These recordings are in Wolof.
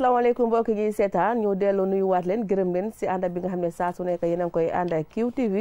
asalaamaaleykum mbokk yi seetaan ñu delloo nuyuwaat leen gërëm leen si ànd bi nga xam ne saa su nekk yéen a ngi koy ànd ak QTV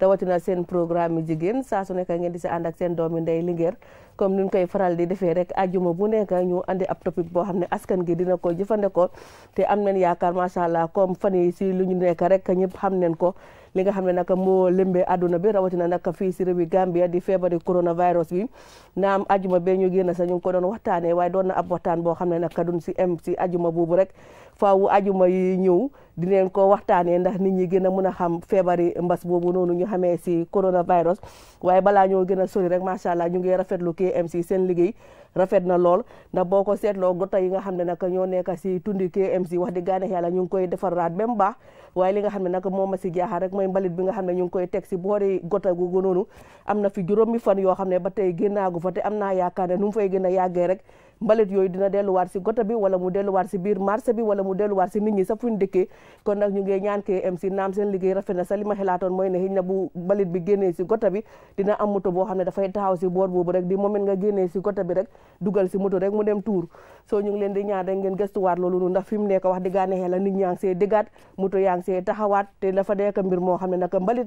rawatina seen programme jigéen saa su nekk ngeen di si ànd ak seen doomi ndey Linguère comme ni ñu koy faral di defee rek àjjuma bu nekk ñu andi ab boo xam ne askan gi dina ko jëfandikoo te am nañ yaakaar macha allah comme fan yi si lu ñu nekk rek ñëpp xam nañ ko. li nga xam ne nag moo lëmbee àdduna bi rawatina nag fii si réewi Gambia di feebari coronavirus bi naam ajuma bee ñu génn sa ñu ko doon waxtaanee waaye doon na ab waxtaan boo xam ne nag duñ si em si ajuma boobu rek faawu ajuma yi ñëw dineen ko waxtaanee ndax nit ñi gën a mun a xam feebari mbas boobu noonu ñu xamee si coronavirus waaye balaa ñoo gën a sori rek macha allah ñu ngi rafetlu KMC seen liggéey rafet na lool ndax boo ko seetloo gota yi nga xam ne nag ñoo nekka si tundi KMC wax di gaane yàlla ñu ngi koy defaraat même baax waaye li nga xam ne nag moom a si jaaxal rek mooy mbalit bi nga xam ne ñu ngi koy teg si boori gota googu noonu am na fi mi fan yoo xam ne ba tey génnaagu fa te am naa yaakaar ne nu mu fay gën a yàggee rek mbalit yooyu dina delluwaat si gota bi wala mu delluwaat si biir marché bi wala mu delluwaat si nit ñi sa dëkkee kon nag ñu ngi ñaan KMC naam seen liggéey rafet na sa li ma xelaatoon mooy ne xëy na bu mbalit bi génnee si gota bi dina am moto boo xam ne dafay taxaw si boor boobu rek di moment nga génnee si gota bi rek dugal si moto rek mu dem tuur soo ñu ngi leen di ñaan rek ngeen gëstuwaat loolu noonu ndax fi mu nekk wax diggaa neexee la nit ñaa ngi see déggaat moto yaa ngi see taxawaat te dafa nekk mbir moo xam ne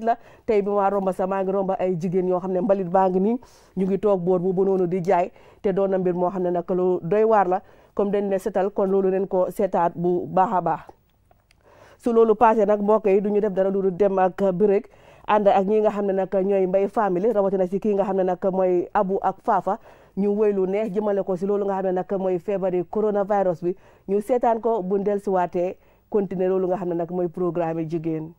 la tey bi maa romba sa maa ngi yoo xam ne mbalit baa ngi nii ñu ngi toog boor boobu noonu di jaay te doon na mbir moo lu doy waar la comme dañ ne seetal kon loolu leen ko seetaat bu baax a baax su loolu passé nag mbokk yi du ñu def dara lu dem ak birek ànd ak ñii nga xam ne nag ñooy mbay famille rawatina si kii nga xam ne nag mooy abu ak faafa ñu wéy lu neex jëmale ko si loolu nga xam ne nag mooy feebari coronavirus bi ñu seetaan ko bu dellusiwaatee continuer lu nga xam ne nag mooy programme jigéen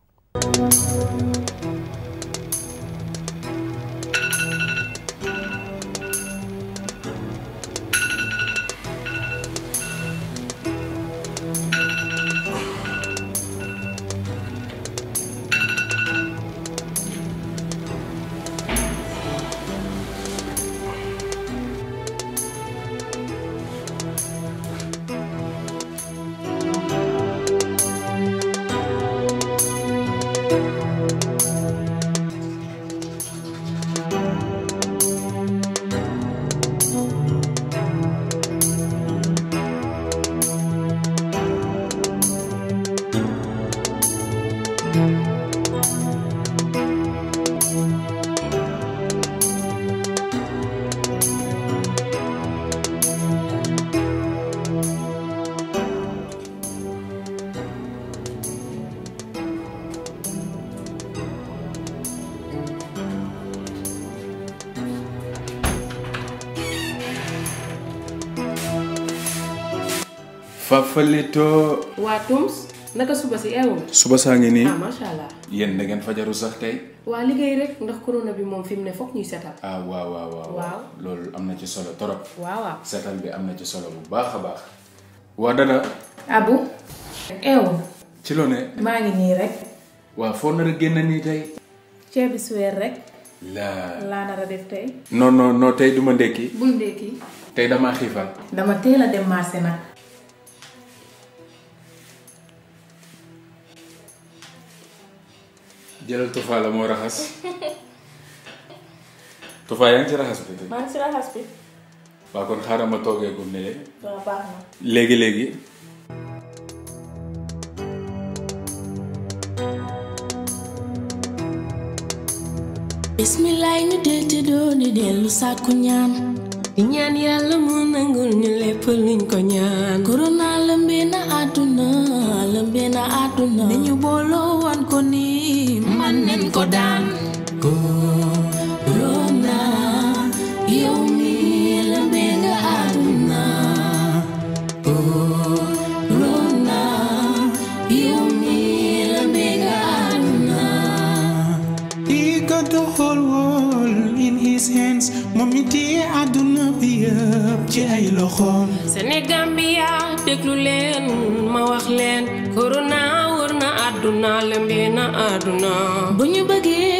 Fafalito. Watums, naka suba si eewu suba sa ngi nii. ah macha allah. yéen da ngeen fajaru sax tay. Wa ligay rek ndax corona bi mom fimne fokk ñuy setal. ah wa wa wa. Wa. Lol amna ci solo torop. Wa wa. setal bi amna ci solo bu baax. Wa dana. abu. ewu ci lo ne. Ma ngi ni rek. waa foo nar a génn nii tey. ceebi suweer rek. La. La na ra def tay. non non non tay duma ndeki. Bu ndeki. Tay dama xifal. dama teela dem marché nak. jëlal tufaa la moo raxas tuh yaa ngi ci raxas bi maa ngi ci raxas bi waaw kon xaaral ma toogee ne waaw baax na léegi léegi ñu dellu sàkku ñaan di ñaan yàlla mu nangul ñu lépp luñ ko ñaan go Aduna. Go, Rona, Aduna. He got the whole world in his hands. Mommy, dear, Aduna, be up, Jai Lohom. Senegambia, Deklulen, Mawaklen, Corona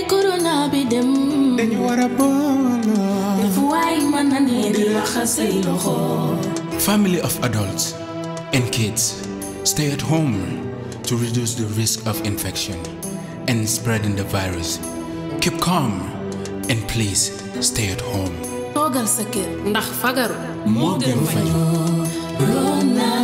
corona bi dem dañu na di family of adults and kids stay at home to reduce the risk of infection and spreading the virus keep calm and please stay at home sa kër ndax fagaru gën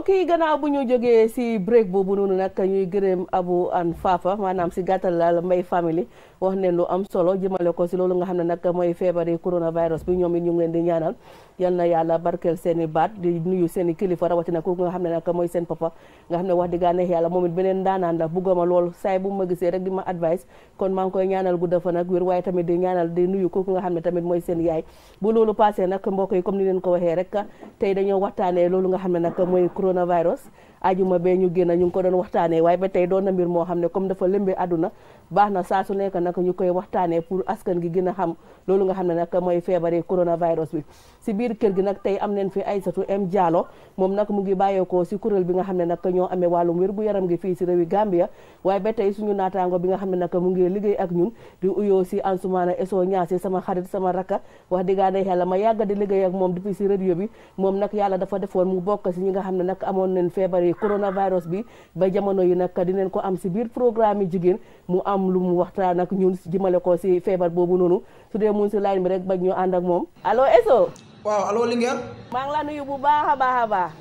mbokk yi bu ñu joggé si break boobu noonu nak ñuy gërëm abu an fafa manam ci gatal la may family wax ne lu am solo jëmalé ko ci loolu nga xamné nak moy fièvre coronavirus bi ñoom ñu ngi leen di ñaanal yalla yalla barkel seeni baat di nuyu seeni kilifa nga xamné nak moy seen papa nga xamné wax di ga neex yalla momit benen daanan la ma lool say bu ma gisee rek di ma advice kon ma ngi koy ñaanal gu fa nak wir way tamit di ñaanal di nuyu ko nga xamné tamit moy seen yaay bu loolu passé nak mbokk yi comme ni leen ko waxé rek tay dañu waxtané loolu nga xamné nak moy coronavirus ajuma bee ñu génn ñu ngi ko doon waxtaanee waaye ba tey doon na mbir moo xam ne comme dafa lëmbee àdduna baax na saa su nekk nag ñu koy waxtaanee pour askan gi gën a xam loolu nga xam ne nag mooy feebari coronavirus bi si biir kër gi nag tey am nañ fi Aysatu M Diallo moom nag mu ngi bàyyeekoo si kuréel bi nga xam ne nag ñoo amee wàllum wér gu yaram gi fii si réewi Gambia waaye ba tey suñu naataango bi nga xam ne nag mu ngi liggéey ak ñun di uyoo si Ansoumana Eso Ñaasi sama xarit sama rakka wax diggaane yàlla ma yàgg di liggéey ak moom depuis si radio bi moom nag yàlla dafa defoon mu bokk si ñi nga xam ne nag amoon nañ feebar feebari coronavirus bi ba jamono yi nag dinañ ko am si biir programme bi jigéen mu am lu mu waxtaan ak ñun jëmale ko si feebar boobu noonu su dee mun si line bi rek ba ñu ànd ak moom allo eso waaw allo Linguère maa ngi la nuyu bu baax a baax a baax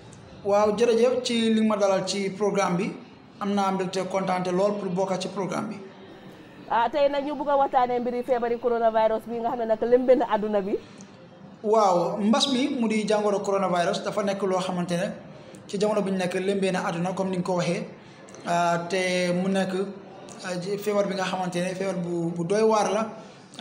waaw jërëjëf ci li ma dalal ci programme bi am naa mbégte kontaante lool pour bokk ci programme bi ah tey nag ñu bugg a waxtaanee mbiri feebari coronavirus bi nga xam ne nag lëmbe na àdduna bi waaw mbas mi mu dafa nekk loo xamante ne ci jamono bi ñu nekk lembee na àdduna comme ni nga ko waxee ah, te mu nekk ah, feebar bi nga xamante ne feebar bu bu doy waar la.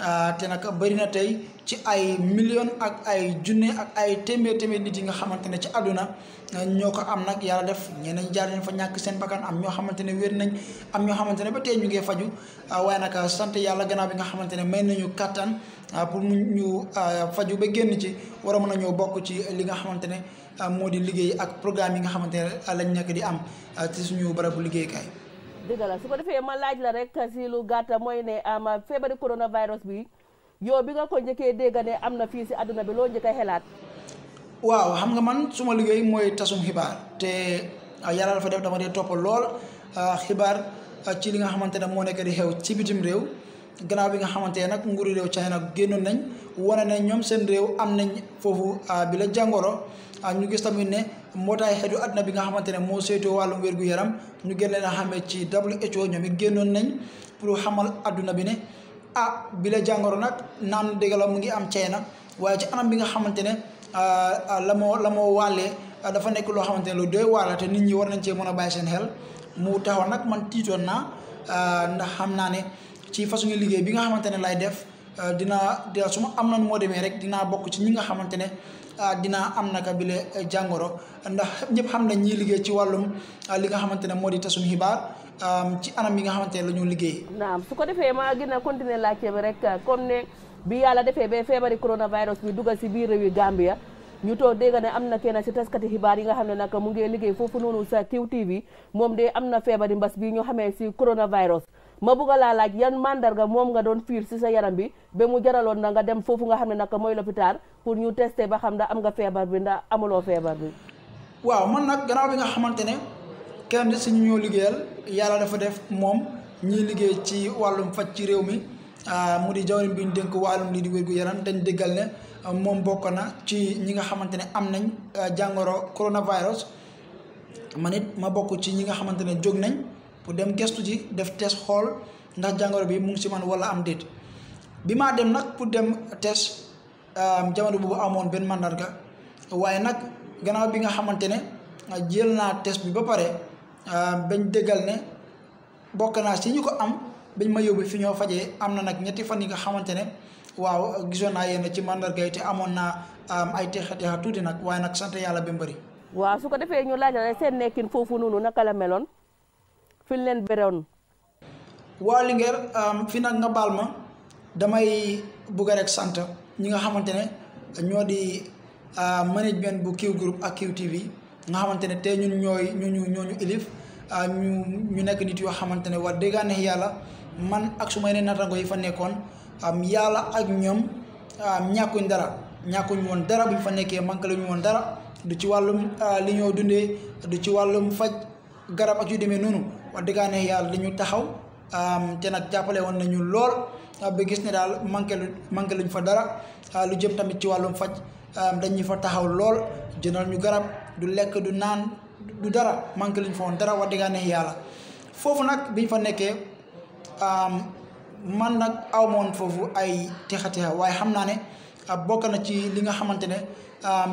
Ah, te nag bëri na tey ci ay million ak ay junne ak ay téeméer téeméer nit yi nga xamante ne ci àdduna eh, ñoo ko am nag yàlla def ñeneen jaar nañ fa ñàkk seen bakkan am ñoo xamante ne wér nañ am ñoo xamante ne ba tey ñu ngee faju ah, waaye nag sant yàlla gannaaw bi nga xamante ne may nañu kàttan ah, pour mu ñu faju ba génn ci war a mën a ñoo bokk ci li nga xamante ne moo di liggéey ak programme yi nga xamante ne lañ nekk di am ci suñu barabu liggéeyka dëgg la su ko defee ma laaj la rek si lu gàtt mooy ne ama feebari coronavirus bi yow bi nga ko njëkkee dégg ne am na fii si àdduna bi loo njëkk xelaat. waaw xam nga man suma liggéey mooy tasum xibaar te ah, yàlla dafa def dama dee topp lool ah, xibaar ah, ci li nga xamante ne moo nekk di xew ci bitim réew. gannaaw bi nga xamante ne nag nguuri réew China génnoon nañ wane nañ ñoom seen réew am nañ foofu bi la jàngoro. ñu gis tamit ne mbootaay xeetu àdduna bi nga xamante ne moo saytoo wàllum wér gu yaram ñu gën leen a xamee ci WHO ñoom it génnoon nañ pour xamal àdduna bi ne ah bi la jàngoro nag naan dëgg la mu ngi am China waaye ci anam bi nga xamante ne ah, ah, la moo la moo wàllee ah, dafa nekk loo xamante lu doy waar te nit ñi war nañ cee mën a bàyyi seen xel mu taxaw nag man tiitoon naa ndax xam naa ne ci façon liggéey bi nga xamante ne lay def dina dina su ma am na nu moo demee rek dinaa bokk ci ñi nga xamante ne. Ah, dina am na naka bile eh, jàngoro ndax ñëpp xam nañ ñiy liggéey ci wàllum ah, li nga xamante ne moo di tasum xibaar ci anam yi nga xamante ne la ñu liggéey. naam su ko defee maa gën a continuer laajte rek comme ne bi yàlla defee ba feebari coronavirus bi dugal si biir réewi Gambia. ñu toog dégg ne am na kenn si taskati xibaar yi nga xam ne nag mu ngee liggéey foofu noonu sa QTV moom de am na feebari mbas bi ñu xamee si coronavirus. ma bugg laa laaj yan màndarga moom nga doon fiir si sa yaram bi ba mu jaraloon na nga dem foofu nga xam ne nag mooy lopitaan pour ñu teste ba xam ndax am nga feebar bi ndax amuloo feebar bi. waaw man nag gannaaw bi nga xamante ne kenn si ñoo liggéeyal yàlla dafa def moom ñiy liggéey ci wàllum faj ci réew mi ah, mu di jawriñ bi ñu dénk wàllum lii di wér gu yaram dañ déggal ne moom bokk na ci ñi nga xamante ne am nañ ah, jàngoro coronavirus ma it ma bokk ci ñi nga xamante ne jóg nañ. pour dem gestu ji def test xool ndax jàngoro bi mu ngi si man wala am déet bi maa dem nag pour dem test euh, jamono bu amoon benn mandarga waaye nag gannaaw bi nga xamante ne jël naa test bi ba pare euh, bañ déggal ne bokk naa si ñu ko am bañ ma yóbbu fi ñoo fajee am na nag ñetti fan yi nga xamante ne waaw gisoon naa yenn ci mandarga yi te amoon naa ay teexa teexa tuuti nag waaye nag sant yàlla ba mu bëri. su ko defee ñu laaj la seen nekkin foofu noonu fi leen bëroon. waaw Linguère euh, fii nag nga baal ma damay bugg rek sant ñi nga xamante ne ñoo di euh, management bu Q Group ak Q TV nga xamante ne tey ñun ñooy ñooñu ñooñu ilif euh, ñu ñu nekk nit yoo xamante ne wax dëgg yàlla man ak su ma yeneen natango yi fa nekkoon yàlla ak ñoom ñàkkuñ dara ñàkkuñ woon dara bu ñu fa nekkee manqué luñu woon dara du ci wàllum li ñoo dundee du ci wàllum faj garab ak yu demee noonu. wax dëgg yàlla dañuy taxaw te nag jàppale woon nañu lool ba gis ne daal manqué lu manqué luñ fa dara lu jëm tamit ci wàllum faj dañuy fa taxaw lool jëndal ñu garab du lekk du naan du dara manqué luñ fa woon dara wax dëgg yàlla foofu nag biñ fa nekkee man nag aw foofu ay texa texa waaye xam naa ne bokk na ci li nga xamante ne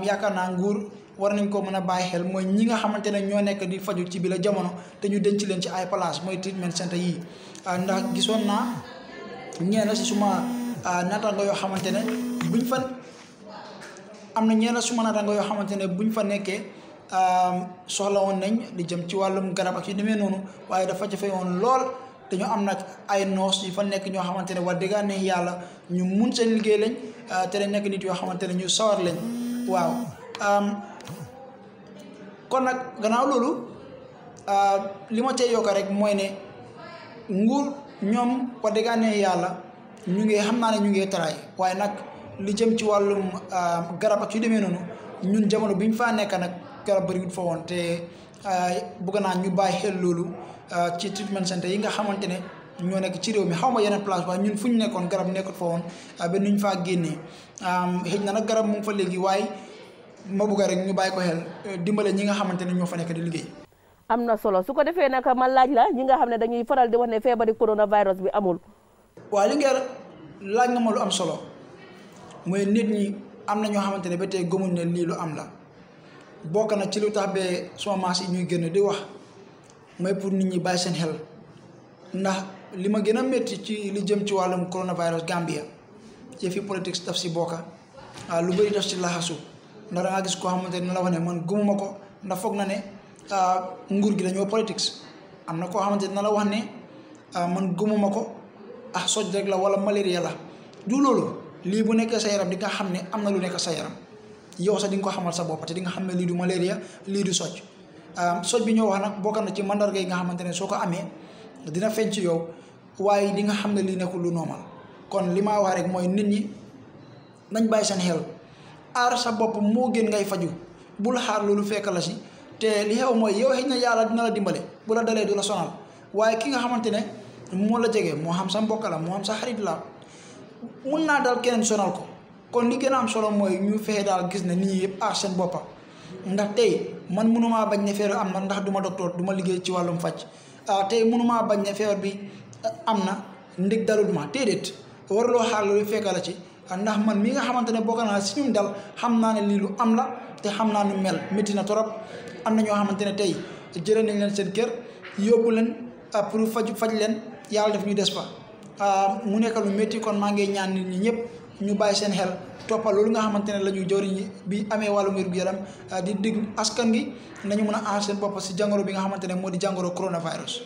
yaakaar naa nguur. war nañ koo mën a bàyyi xel mooy ñi nga xamante ne ñoo nekk di faju ci bi la jamono te ñu denc leen ci ay place mooy treatment centre yii ah, ndax gisoon naa ñeena si suma ah, naataango yoo xamante ne buñ fa am na ñeena suma naataango yoo xamante ne ñu fa nekkee soxla woon nañ di jëm ci wàllum garab ak yu demee noonu waaye dafa jafe woon lool te ñu am nag ay noos yi fa nekk ñoo xamante ne wax dëgg ne yàlla ñu mun seen liggéey lañ ah, te ne nekk nit yoo xamante ne ñu sawar lañ waaw kon nag ganaaw loolu euh, li ma cay rek mooy ne nguur ñoom wax dëgg yàlla ñu ngi xam naa ne ñu ngi taraay waaye nag li jëm ci wàllum euh, garab ak yu demee noonu ñun jamono bi ñu faa nekk nag garab bëriwul fa woon te euh, bëgg naa ñu bàyyi xel loolu ci treatment center yi nga xamante ne ñoo nekk ci réew mi xaw ma yeneen place waaye ñun fu ñu nekkoon garab nekkut fa woon ba nu ñu faa génnee xëj na nag garab mu fa léegi waaye. ma bëgg rek ñu bàyyi ko xel euh, dimbale ñi nga xamante ne ñoo fa nekk di liggéey. am na solo su ko defee nag ma laaj la ñi nga xam ne dañuy faral di wax ne feebari coronavirus bi amul. waa li ngeen laaj na ma lu am solo mooy nit ñi am na ñoo xamante ne ba tey gëmuñ ne lii lu am la bokk na ci lu tax bee suma maas yi ñuy gën di wax mooy pour nit ñi bàyyi seen xel ndax li ma gën a metti ci li jëm ci wàllum coronavirus Gambia ci fi politique ah, daf si bokka lu bëri daf si laxasu. nara agis ko koo xamante ne man gëmuma ko na foog ne gi politics am na koo xamante ne man gëmuma ko ah soj rek la wala malaria la du loolu li bu nek sa yaram di nga hamne amna am na lu nek sa yaram yow sa di nga ko xamal sa bopp te di nga hamne li du malaria li du soj soj bi ñoo wax nak bokk na ci mandar gay nga xamante soko amé dina feeñ yow waye di nga xam li nekul lu normal kon lima wax rek moy nit ñi nañ bay sen xel Ara sa bop mo gën ngay faju bul xaar lolu fekk la si te li xew moy yow xëy na yàlla dina la dimbalé bula la dalee du la sonal waye ki nga xamantene mu la jege mo xam sa mbokk la moo xam sa xarit la mun na dal kenen sonal ko kon li gëna am solo moy ñu fexé daal gis na nit yépp ar seen ndax tey man mënuma bañ né am ndax du ma docteur du ma ci walum fajj ah tay mënuma bañ né feebar bi ah, amna ndik ndig dalul ma lo waruloo xaar loolu fekk la ci ndax man mi nga xamante ne bokk naa si ñum dal xam naa ne lii lu am la te xam naa nu mel métti na torop am na ñoo xamante ne tey jëlee nañ leen seen kër yóbbu leen ah, pour faj faj leen yàlla def ñu des fa ah, mu nekk lu métti kon maa ngi ñaan nit ñi ñëpp ñu bàyyi seen xel toppal loolu nga xamante ne la ñu jëriñ bi amee wàllu wér-gu-yaram ah, di digg askan gi nañu mën a aar seen bopp si jàngoro bi nga xamante ne moo di jàngoro coronavirus.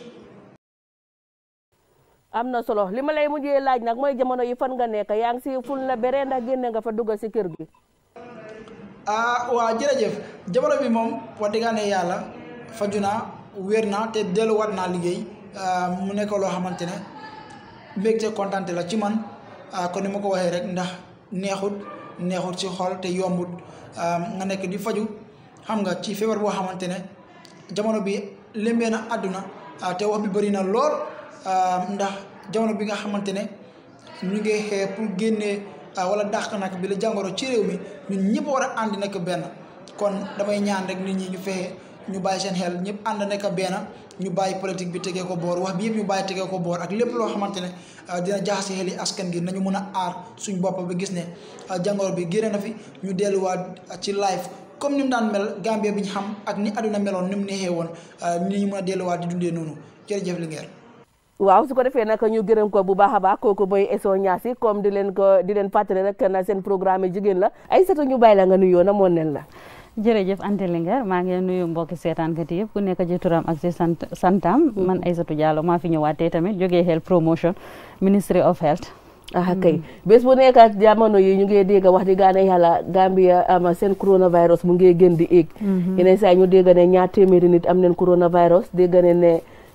am na solo li ma lay mujjee laaj nag mooy jamono yi fan nga nekk yaa ngi si ful na bere ndax génne nga fa dugal si kër gi. ah waa jërëjëf jamono bi moom wax dëgg yàlla faju naa wér naa te naa liggéey ah, mu nekk loo xamante ne mbégte kontante la ci man kon ah, ni ma ko waxee rek ndax neexut neexut ci xol te yombut ah, nga nekk di faju xam nga ci feebar boo xamante ne jamono bi lëmbee na àdduna te wax bi bari na lool. Euh, ndax jamono bi nga xamante ne ñu ngi xee pour génnee euh, wala dàq nag bi la jàngoro ci réew mi ñun ñëpp war a ànd nekk benn kon damay ñaan rek nit ñi ñu fexe ñu bàyyi seen xel ñëpp ànd nekk benn ñu bàyyi politique bi tegee ko boor wax bi yëpp ñu bàyyi tegee ko boor ak lépp loo xamante ne euh, dina jaxase xel yi askan gi nañu mën a aar suñ bopp ba gis ne jàngoro bi génne na fi ñu delluwaat ci live comme ni mu daan mel Gambie bi ñu xam ak ni àdduna meloon ni neexee woon ni ñu mën delluwaat di dundee noonu jërëjëf li waaw su ko defee nag ñu gërëm ko bu baax a baax kooku mooy Esso Niassy comme di leen ko di leen fàttali rek na seen programme jigéen la ay sata ñu bàyyi la nga nuyoo na moo nen la jërëjëf Anta Linguère maa ngi nuyu mbokki seetaankat yëpp ku nekk ci turam ak ci sant santam mm-hmm. man Aïssatou Diallo maa fi ñëwaatee tamit jógee health promotion ministry of health a ah, kay mm-hmm. bés bu nekk jamono yi ñu ngi dégg wax di gaane yàlla Gambia am seen coronavirus mu ngi gën di éeg mm-hmm. yeneen saa ñu dégg ne ñaar téeméeri nit am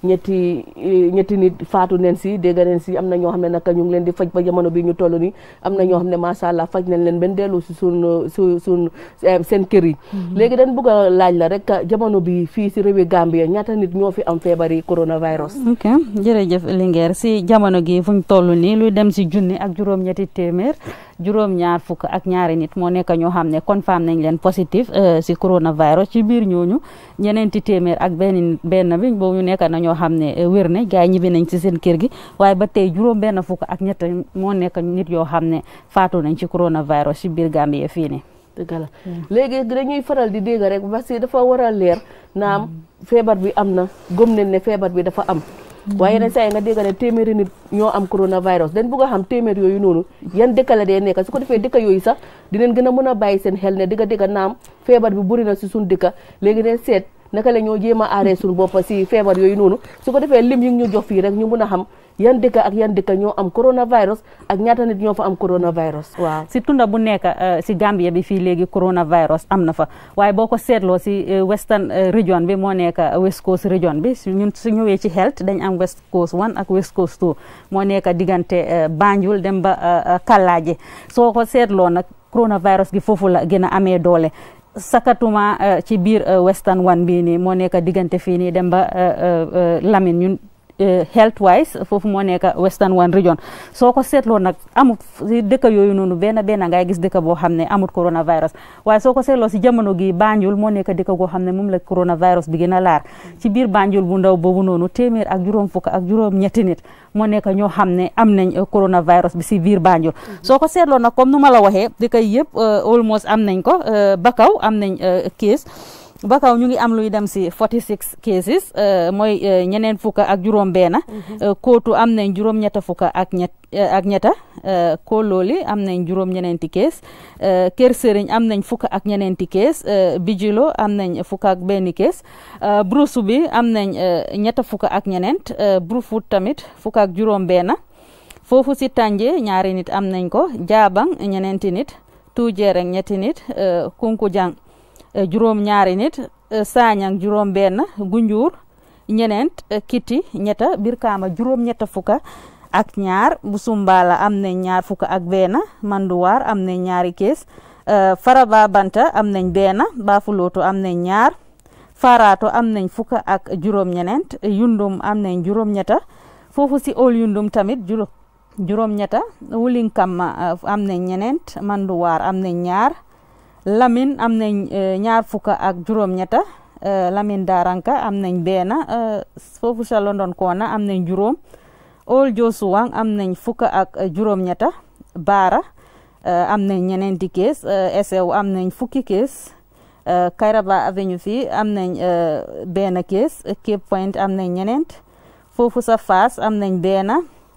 ñetti eh, ñetti nit faatu nen si dégg nen si am na ñoo xam ne naka ñu ngi leen di faj ba jamono bi ñu toll ni am na ñoo xam ne macha faj nañ leen benn dellu si suñ su suñ eh, seen kër yi mhm. léegi dañ bëgg laaj la rek jamono bi fii si réewi Gambia ñaata nit ñoo fi am feebari coronavirus ok jërëjëf Linguère si jamono gi fuñ toll nii luy dem si junni ak juróom-ñetti téeméer juróom-ñaar fukk ak ñaari nit moo nekk ñoo xam ne confirmé nañ leen positif euh, si coronavirus ci biir ñooñu ñeneen ñeneenti téeméer ak benn benn bi boobu nekk na ñoo xam ne euh, wér na gars yi ñibbi nañ si seen kër gi waaye ba tey juróom benn fukk ak ñett moo nekk nit yoo xam ne faatu nañ ci coronavirus si biir Gambie fii nii. dëgg la hmm. léegi dañuy di dégg rek parce que dafa wara a leer naam hmm. feebar bi am na gëm nañ ne feebar bi dafa am. waaye yeneen saa yi nga dégg ne téeméeri nit ñoo am coronavirus dañ bëgg a xam téeméer yooyu noonu yan dëkk la dee nekk su ko defee dëkk yooyu sax dinañ gën a mën a bàyyi seen xel ne dëgg dëgg naam feebar bi bëri na si suñ dëkk léegi neen seet naka la ñoo jéem a aaree suñu bopp si feebar yooyu noonu su ko defee lim yi ñu jox fii rek ñu mën a xam yan dëkk ak yan dëkk ñoo am coronavirus ak ñaata nit ñoo fa am coronavirus waaw si tunda bu nekk euh, si Gambia bi fii léegi coronavirus am na fa waaye boo ko seetloo si euh, western euh, region bi moo nekk west coast region bi ñun su ñëwee ci health dañ am west coast one ak west coast two moo nekk diggante Banjul dem ba Kallaaji soo ko seetloo nag coronavirus gi foofu la gën a amee doole sakatuma ci biir western one bii ni moo nekk diggante fii nii dem ba Lamine ñun Eh, health wise foofu moo nekk western one region soo ko seetloo nag amut si dëkk yooyu noonu benn benn ngay gis dëkk boo xam ne amut coronavirus waaye soo ko seetloo si jamono gi Banjul moo nekk dëkk goo xam ne moom la coronavirus bi gën a laar ci biir Banjul bu ndaw boobu noonu téeméer ak juróom fukk ak juróom ñetti nit moo nekk ñoo xam ne am nañ eh, coronavirus bi si biir Banjul mhm. soo ko seetloo nag comme nu ma la waxee dëkk yëpp eh, almost am nañ ko Bakaw am nañ case ba kaw ñu ngi am luy dem si 46 cases euh, mooy euh, ñeneen fukk ak juróom-benn. Mhm. Euh, kootu am nañ juróom-ñetta fukk ak ñett ak ñetta Kololi am nañ juróom-ñeneenti case Kër Sëriñ am nañ fukk ak ñeneenti case Bijilo am nañ fukk ak benn case Brusu bi am nañ ñetta fukk ak ñeneent Brufut tamit fukk ak juróom-benn foofu si Tànje ñaari nit am nañ ko Jaabang ñeneenti nit Tuujeer ak ñetti nit Kunkujang E, juróom ñaari nit e, saañang juróom benn gunjuur ñeneent e, kiti ñetta birkaama juróom ñetta fukka ak ñaar bu sumbaala am nañ ñaar fukka ak benn manduwaar am nañ ñaari kees faraba banta am nañ benn baafulooto am nañ ñaar faraato am nañ fukka ak juróom ñeneent yundum am nañ juróom ñetta foofu si ol yundum tamit juróom ñetta wulinkam am nañ ñeneent manduwaar am nañ ñaar Lamine am nañ euh, ñaar fukk ak juróom-ñetta euh, Lamine Daranka am nañ benn euh, foofu sa London Corner am nañ juróom Old Josuwang am nañ fukk ak juróom-ñetta Baara am nañ ñeneenti kees SEW am nañ fukki kees Kairaba Avenue fii am nañ benn kees Cape Point am nañ ñeneent foofu sa am nañ benn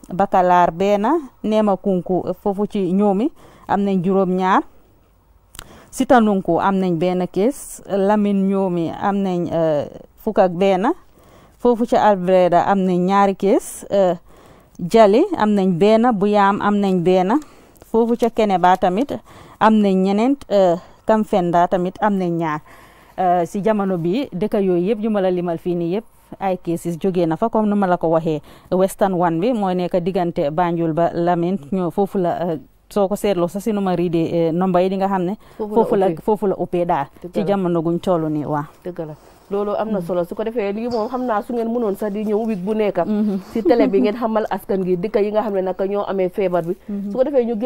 Bakalaar benn Neema Kunku foofu ci ñoomi am nañ juróom-ñaar. si tanunku am nañ benn kees Lamine ñoomi am nañ euh, fukk ak benn foofu ci Albreda am nañ ñaari kees euh, Jali am nañ benn Buyaam am nañ benn foofu ca Keneba tamit am nañ ñeneen euh, Kamfenda tamit am nañ ñaar si jamono bi dëkk yooyu yëpp yu ma la limal fii nii yëpp ay cases jógee na fa comme nu ma la ko waxee Western one bi mooy nekk diggante Banjul ba lamin ñoo foofu la. soo ko seetloo sa si numar yi di eh, nomba yi di nga xam ne foofu la foofu la uppee daal ci jamono guñ toll nii waa loolu am na mm-hmm. solo su ko defee lii moom xam naa su ngeen sax di ñëw wig bu nekk mm-hmm. si télé bi ngeen xamal askan gi dëkk yi nga xam ne naka ñoo amee feebar bi mm-hmm. a a a a si la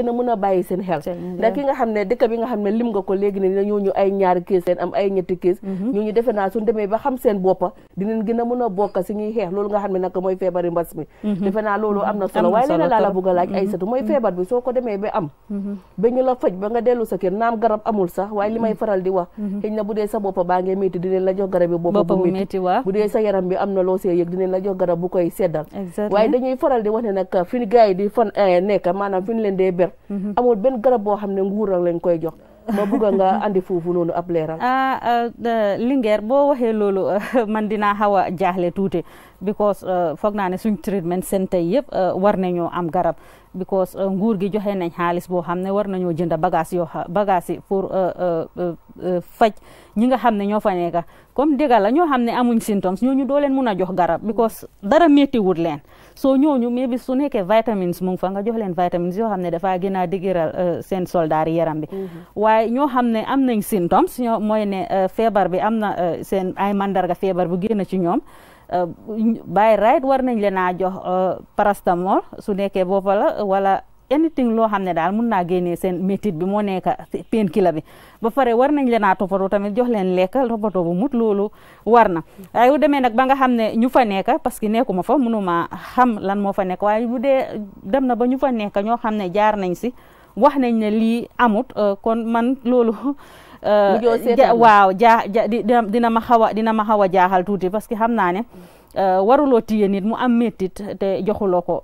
bëgg a laaj ay satu mooy feebar bi soo ko demee ba am ba ñu la faj ba nga dellu sa kër naam garab amul sax waaye li faral di wax xëy na bu dee sa boppa baa ngee métti dinañ la jox garab bi boppa bu métti bu dee sa yaram bi am na loo see yëg dinañ la jox garab bu koy seddal waaye dañuy faral di wax ne nag uh, fi gars yi di fan uh, nekk maanaam fi ñu leen ber mhm. amul benn garab boo xam ne nguural lañ koy jox ma bëgg nga andi foofu ab leeral ah uh, boo waxee loolu man dinaa xaw a jaaxle tuuti because foog naa ne suñ treatment centre yëpp war nañoo am garab because nguur gi joxe nañ xaalis boo xam ne war nañoo jënd bagage yoo bagage yi pour faj ñi nga xam ne ñoo fa nekk comme dëgg la ñoo xam ne amuñ symptômes ñu doo leen mun a jox garab because dara métti wut leen soo ñu mais bi su nekkee vitamines mu ngi fa nga jox leen vitamines yoo xam ne dafa gën a dëgëral uh, seen soldaar yaram bi. Mm-hmm. waaye ñoo xam ne am nañ symptômes ñoo mooy ne uh, feebar bi am na uh, seen ay mandarga feebar bu génn ci ñoom. by right war nañ leen a jox parastamol su nekkee boobu wala anything loo xam ne daal mun naa génnee seen métit bi moo nekk pen killer bi ba pare war nañ leen a toppatoo tamit jox leen lekk toppatoo bu mut loolu war na waaye bu demee nag ba nga xam ne ñu fa nekk parce que nekkuma fa mënuma xam lan moo fa nekk waaye bu dee dem na ba ñu fa nekk ñoo xam ne jaar nañ si wax nañ ne lii amut euh, kon man loolu euh, waaw jaa dina ma xaw a dina ma xaw a jaaxal tuuti parce que xam naa ne euh, waruloo téye nit mu am méttit te joxuloo ko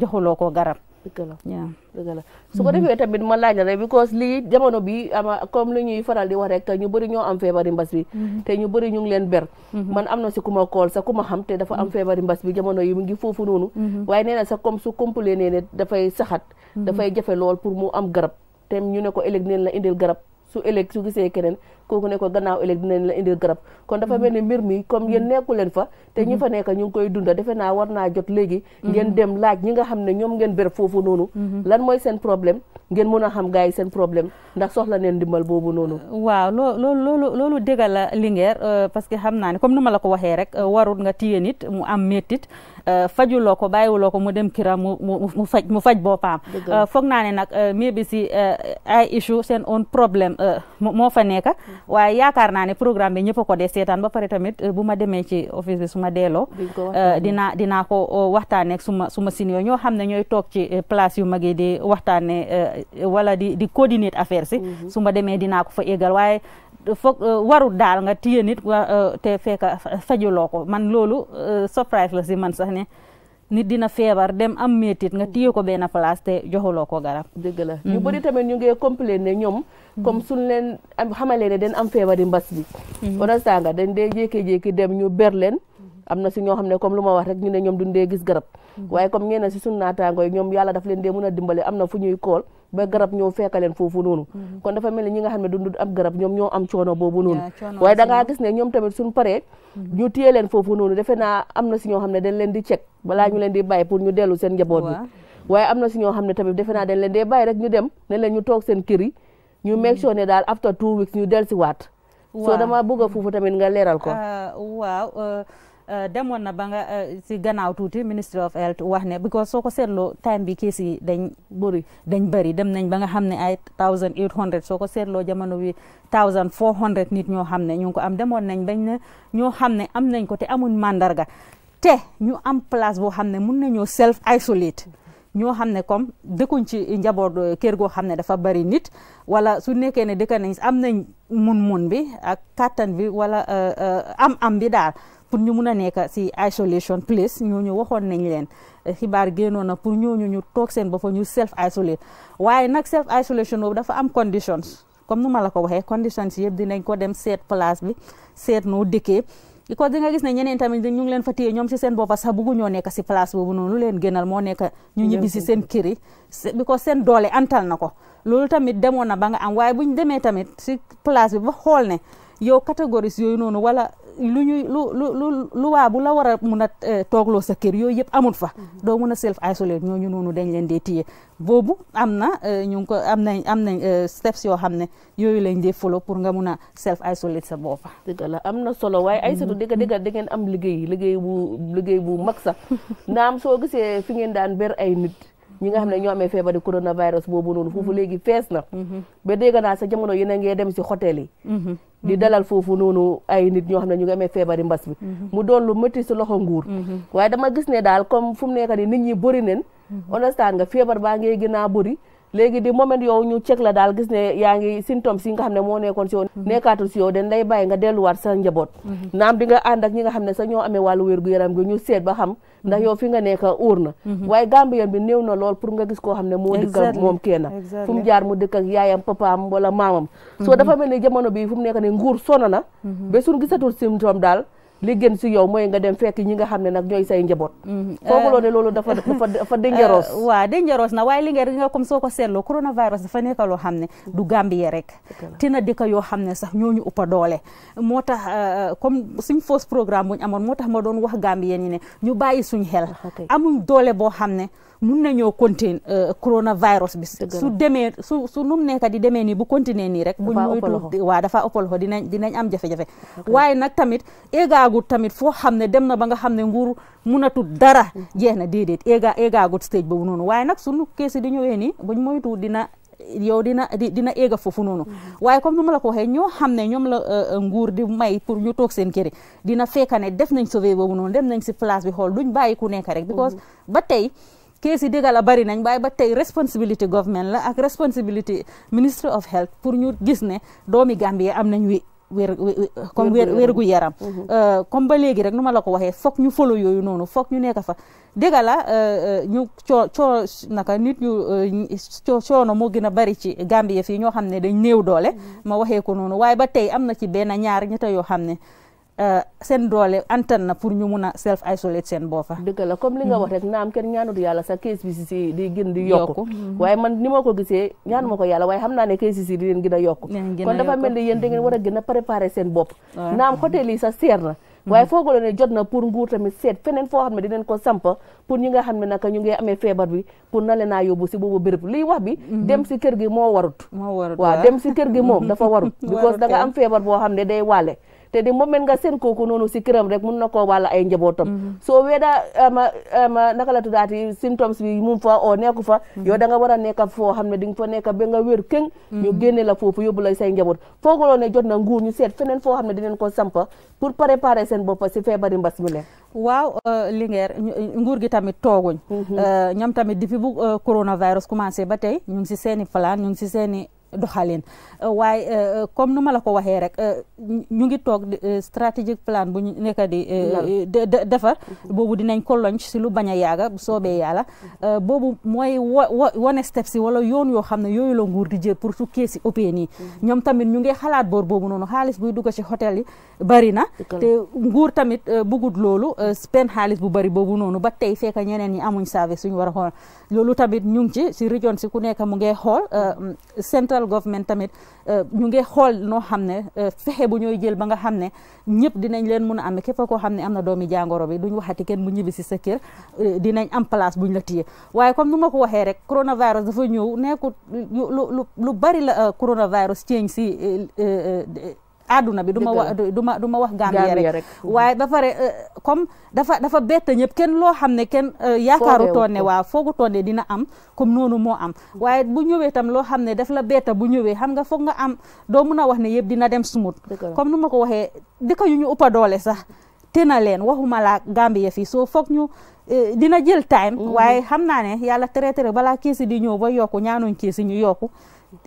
joxuloo ko garab dëgg ko defee tamit ma laaj la rek because lii jamono bi ama comme li ñuy faral di wax rek ñu bëri ñoo am feebari mbas bi mm-hmm. te ñu bëri ñu ngi leen ber mm-hmm. man am na si ku ma kool sa ku ma xam te dafa am mm-hmm. feebari mbas bi jamono yi mu ngi foofu noonu waaye nee na sa comme su complet nee dafay saxat dafay jafe lool pour mu am garab te ñu ne ko ëllëg neen garab su ëllëg su gisee keneen kooku ne ko gannaaw ëllëg dinañ la indil garab kon dafa mel ni mbir mi comme yéen fa te ñi fa nekk ñu koy dunda defe naa war naa jot léegi ngeen mm-hmm. dem laaj ñi nga xam ne ñoom ngeen bér foofu noonu mm-hmm. lan mooy seen problème ngeen mën a xam gars yi seen problème ndax soxla neen ndimbal boobu noonu waaw loo loolu loolu loolu dëggal la euh, parce que xam naa ne comme ni ma la ko waxee rek euh, warul nga téye nit mu am méttit euh, fajuloo ko bàyyiwuloo ko mu dem kira mu mu mu faj mu faj boppam foog naa ne nag mi bi si ay issue seen own problème moo fa waaye yaakaar naa ne programme bi ñëpp ko dee seetaan ba pare tamit euh, bu ma demee ci office bi su ma deeloo euh, dinaa dinaa ko euh, waxtaanee suma suma senior ñoo xam ne ñooy toog ci place yu mag yi di waxtaanee wala di di coordinate affaire si mhm. su ma demee dinaa ko fa égal waaye foog warut daal nga téye nit te fekk fajuloo ko man loolu surprise la si man sax ne nit dina feebar dem am métit nga mm. téye ko benn place te joxuloo ko garab. dëgg la mm-hmm. ñu bëri tamit ñu ngi complain ne ñoom. Mm-hmm. comme suñ leen xamalee ne dañ am feebari mbas bi. on mm-hmm. a dañ dee jékki-jékki dem ñu ber leen. am na si ñoo xam ne comme lu ma wax rek ñu ne ñoom dundee gis garab mhm. waaye comme ñenn a dimbale am na fu ñuy kool ba garab ñoo fekkaleen foofu noonu mhm. kon dafa mel ni am garab da mhm. leen foofu noonu defe leen di cek balaa ñu leen di bàyyi pour ñu dellu seen njaboot bi waaye am na dem ne leen ñu toog seen kër yi ñu make sure ne daal after two weeks ñu dellu si waat soo dama bëgg a foofu tamit nga leeral ko uh, uh, demoon na ba nga eh, si gannaaw tuuti ministry of health wax ne because soo ko seetloo time bi kees yi dañ bëri dañ bëri dem nañ ba nga xam ne ay thousand eight hundred soo ko seetloo jamono bi thousand four hundred nit ñoo xam ne ñu ngi ko am demoon nañ bañ ne ñoo xam am nañ ko te amuñ mandarga te ñu am place boo xam ne mun nañoo self isolate ñoo xam ne comme dëkkuñ ci njaboot eh, kër goo xam ne dafa bari nit wala su nekkee ne dëkk nañ am nañ mun-mun bi ak kattan bi wala eh, am am bi daal pour ñu mun a nekk si isolation place ñooñu waxoon nañ leen eh, xibaar génnoon na pour ñooñu ñu toog seen bopp ñu self isolate waaye nag self isolation boobu dafa am conditions comme nu ma la ko waxee conditions yëpp dinañ ko dem seet place bi seet noonu lu because seen doole antal na ko loolu tamit demoon na ba am waaye buñ demee tamit si place bi ba xool ne yow catégories yooyu noonu lu ñuy lu lu lu lu waa bu la war a mun a eh, toogloo sa kër yooyu yëpp amul fa mhm. doo mun a self isolé ñooñu noonu dañ leen dee téye boobu am na eh, ñu ko am nañ am nañ eh, steps yoo xam ne yooyu lañ dee follow pour nga mun a self isolé sa boppa dëgg la am na solo waaye mhm. ay surtout dëgg dëgg da ngeen am liggéey liggéey bu liggéey bu mag sax naam soo gisee fi ngeen daan ber ay nit ñi nga xam ne ñoo amee feebaru coronavirus boobu noonu foofu mm-hmm. léegi fees na mm-hmm. ba dégg naa sa jamono yi na ngee dem si hôtel yi mm-hmm. di dalal foofu noonu ay nit ñoo xam ne ñu ngi amee feebari mbas bi mu doon lu métti si loxo nguur waaye dama gis ne daal comme fu mu nekk nii nit ñi bëri nen understand nga feebar baa ngee gën a bëri léegi di moment yow ñu ceg la daal gis ne yaa ngi symptômes si nga xam ne moo nekkoon si yow mhm. nekkaatul si yow dañ lay bàyyi nga delluwaat sa njaboot mhm. naam di nga ànd ak ñi nga xam ne sa ñoo amee wàllu wér gu yaram gi ñu seet ba xam mhm. ndax yow fi nga nekk uur na waaye Gambien bi new na lool pour nga gis koo xam ne moo dëkk moom kenn fu jaar mu dëkk ak yaayam papaam wala maamam soo dafa mel ne jamono bi fu mu nekk ne nguur sonn na ba suñ gisatul symptôme daal li gën si yow mooy nga dem fekk ñi nga xam ne nag ñooy say njaboot foogaloo ne loolu dafa dafa dafa dangereux eh, waaw dangereux na waaye li nga nga comme soo ko seetloo coronavirus dafa nekk loo xam ne du Gambie rek tina dëkk yoo xam ne sax ñooñu uppa doole moo tax eh, eh, comme suñ fausse programme buñ amoon moo tax ma doon wax Gambien ñi ne ñu bàyyi suñ xel amuñ doole boo xam ne mun nañoo contain euh, coronavirus bi su demee su su num nekk di demee nii bu continuer nii rek buñ moytu waa dafa ëppal ko dinañ am jafe waaye nag tamit eegaagut tamit foo xam ne dem na ba nga xam ne nguur munatut dara mm. jeex na déedéet eega eegaagut stage boobu noonu waaye nag sunu kees di ñëwee nii buñ moytu dina yow dina dina éega foofu noonu mm-hmm. waaye comme nu ma la ko waxee ñoo xam ne ñoom la euh, nguur di may pour ñu toog seen këri dina fekka ne def nañ sauvé boobu noonu dem nañ si place bi xool duñ bàyyi ku nekk rek because mm-hmm. ba tey kees yi dëggal a bari nañ waaye ba tey responsibility government la ak responsibility ministry of health pour ñu gis ne doomi Gambie am nañ wi wér comme wér gu yaram mhm. euh, comme ba léegi rek nu ma la ko waxee foog ñu folo yooyu noonu foog ñu nekk fa dëgg la euh, euh, ñu coo naka nit ñu coono moo gën a bari ci Gambie fii ñoo xam ne dañ néew doole mhm. ma waxee ko noonu waaye ba tey am na ci benn ñaar ñetta yoo xam ne Euh, seen doole antan na pour ñu mun a self isolate seen boppa dëgg la comme li nga mm-hmm. wax rek naam kenn ñaanut yàlla sa case bi si di gën di yokku mm-hmm. waaye man ni ma ko gisee ñaanu ma ko yàlla waaye xam naa ne case si di leen gën a yokku kon dafa mel ni yéen da ngeen war a gën a préparer naam hôtel yi sa seer na mm-hmm. waaye foogoo ne jot na pour nguur tamit seet feneen foo xam ne dinañ ko samp pour ñi nga xam ne naka ñu ngi amee feebar bi pour na leen a yóbbu si boobu béréb liy wax bi dem si kër gi moo warut waaw dem si kër gi moom dafa warut because da am feebar boo xam ne day waale te the moment nga seen kooku noonu si këram rek mun na koo wàll ay njabootam mm-hmm. so weda um, um, naka la tuddaati symptômes bi mu fa oo nekku fa mm-hmm. yow danga nga war a nekk foo xam ne di nga fa nekk ba nga wér këng ñu mm-hmm. génne la foofu yóbbu la say njaboot foogaloo ne jot na nguur ñu seet feneen foo xam ne di dinañ ko sampa pour préparer seen bopp si feebari bas mu leen waaw euh, Linguère nguur gi tamit tooguñ euh, ñoom tamit di fi bu euh, coronavirus commencé ba tey ñu ngi si seeni plan ñu ngi si seeni doxalin euh, waaye euh, euh, comme nu ma la ko waxee rek ñu ngi toog strategic plan bu ñu nekk di defar boobu dinañ ko launch si lu bañ a yaaga soobee yàlla boobu mooy wane step si wala yoon yoo xam ne yooyu la nguur di jël pour su keesi open yi mhm. ñoom tamit ñu ngi xalaat boor boobu noonu xaalis buy dugg si hôtel yi bari na te nguur tamit bugut loolu spend xaalis bu bari boobu noonu ba tey fekk ñeneen ñi amuñ service suñ war a xool loolu tamit ñu ngi si région si ku nekk mu ngi xool local government tamit euh, ñu ngi xool noo xam ne euh, fexe bu ñooy jël ba nga xam ne ñëpp dinañ leen mun a amee képp koo xam ne am na doomi jàngoro bi duñ waxati kenn mu ñibbi si sa kër euh, dinañ am place buñ la téye waaye comme nu ma ko waxee rek coronavirus dafa ñëw nekkut lu lu lu bari la coronavirus change si àdduna bi du ma wax du ma du ma wax Gambia rek waaye ba pare euh, comme dafa dafa bett ñëpp kenn loo xam ne kenn euh, yaakaaru toon ne waa foogu toon ne dina am comme noonu moo am waaye bu ñëwee itam loo xam ne daf la betta bu ñëwee xam nga foog nga am doo mun a wax ne yëpp dina dem smooth comme nu ma ko waxee dëkk yu ñu uppa doole sax te na leen waxuma la Gambia fii so foog ñu euh, dina jël time waaye xam naa ne yàlla tere tere balaa kiisi di ñëw ba yokku ñaanuñ kiisi ñu yokku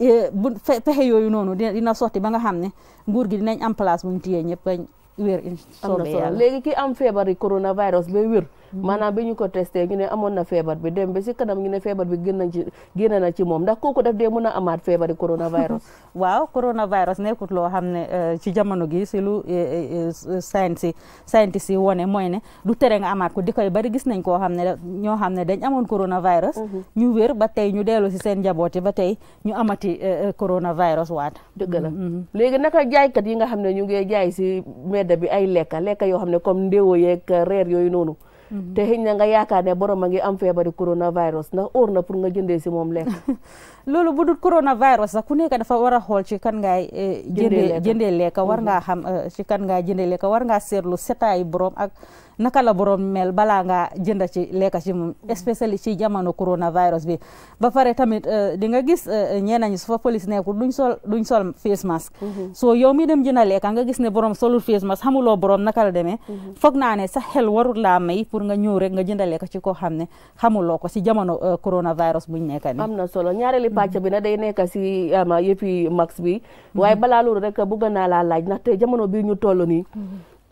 Eh, bu fexe yooyu noonu dina dina sotti ba nga xam ne nguur gi dinañ am place bu ñu téyee ñëpp bañ wér. incha allah léegi ki am feebari coronavirus ba wér. maanaam bi ñu ko testé ñu ne amoon na feebar bi dem ba si kanam ñu ne feebar bi gën na ci génn na ci moom ndax kooku daf dee mën a amaat feebari coronavirus. waaw coronavirus nekkut loo xam ne euh, ci jamono gi si lu euh, euh, science scientist yi wone mooy ne du tere nga amaat ko di bari gis nañ koo xam ne ñoo xam ne dañ amoon coronavirus. Mhm. ñu wér ba tey ñu dellu si seen njabooti ba tey ñu amati coronavirus waat. dëgg la mhm, mhm. léegi naka jaaykat yi nga xam ne ñu ngi jaay si mbedd bi ay lekka lekka yoo xam ne comme ndéwo yeeg reer yooyu noonu. te xëy na nga yaakaar ne borom a ngi am feebari coronavirus ndax óor na pour nga jëndee si moom lekk loolu bu dul coronavirus sax ku nekk dafa war a xool ci kan ngaa eh, jëndee jëndee lekk war mhm. ngaa xam eh, ci kan ngaa jëndee lekk war ngaa seetlu setaayi borom ak naka la borom mel balaa nga jënd ci lekka ci moom mm-hmm. especially si jamono coronavirus bi ba pare tamit euh, di nga gis euh, ñeneen ñi su fa police nekkul duñ sol duñ sol face mask mm-hmm. so yow mi dem jënd lekka nga gis ne borom solul face mask xamuloo borom naka la deme mm-hmm. foog naa ne sa xel warul laa may pour nga ñëw rek nga jënd lekka ci koo xam ne xamuloo ko si jamono euh, coronavirus buñ nekk ni am na solo ñaareeli pàcc bi na day nekk si yëppi max bi waaye balaa loolu rek bëgg naa laal laaj ndaxte jamono bii ñu toll nii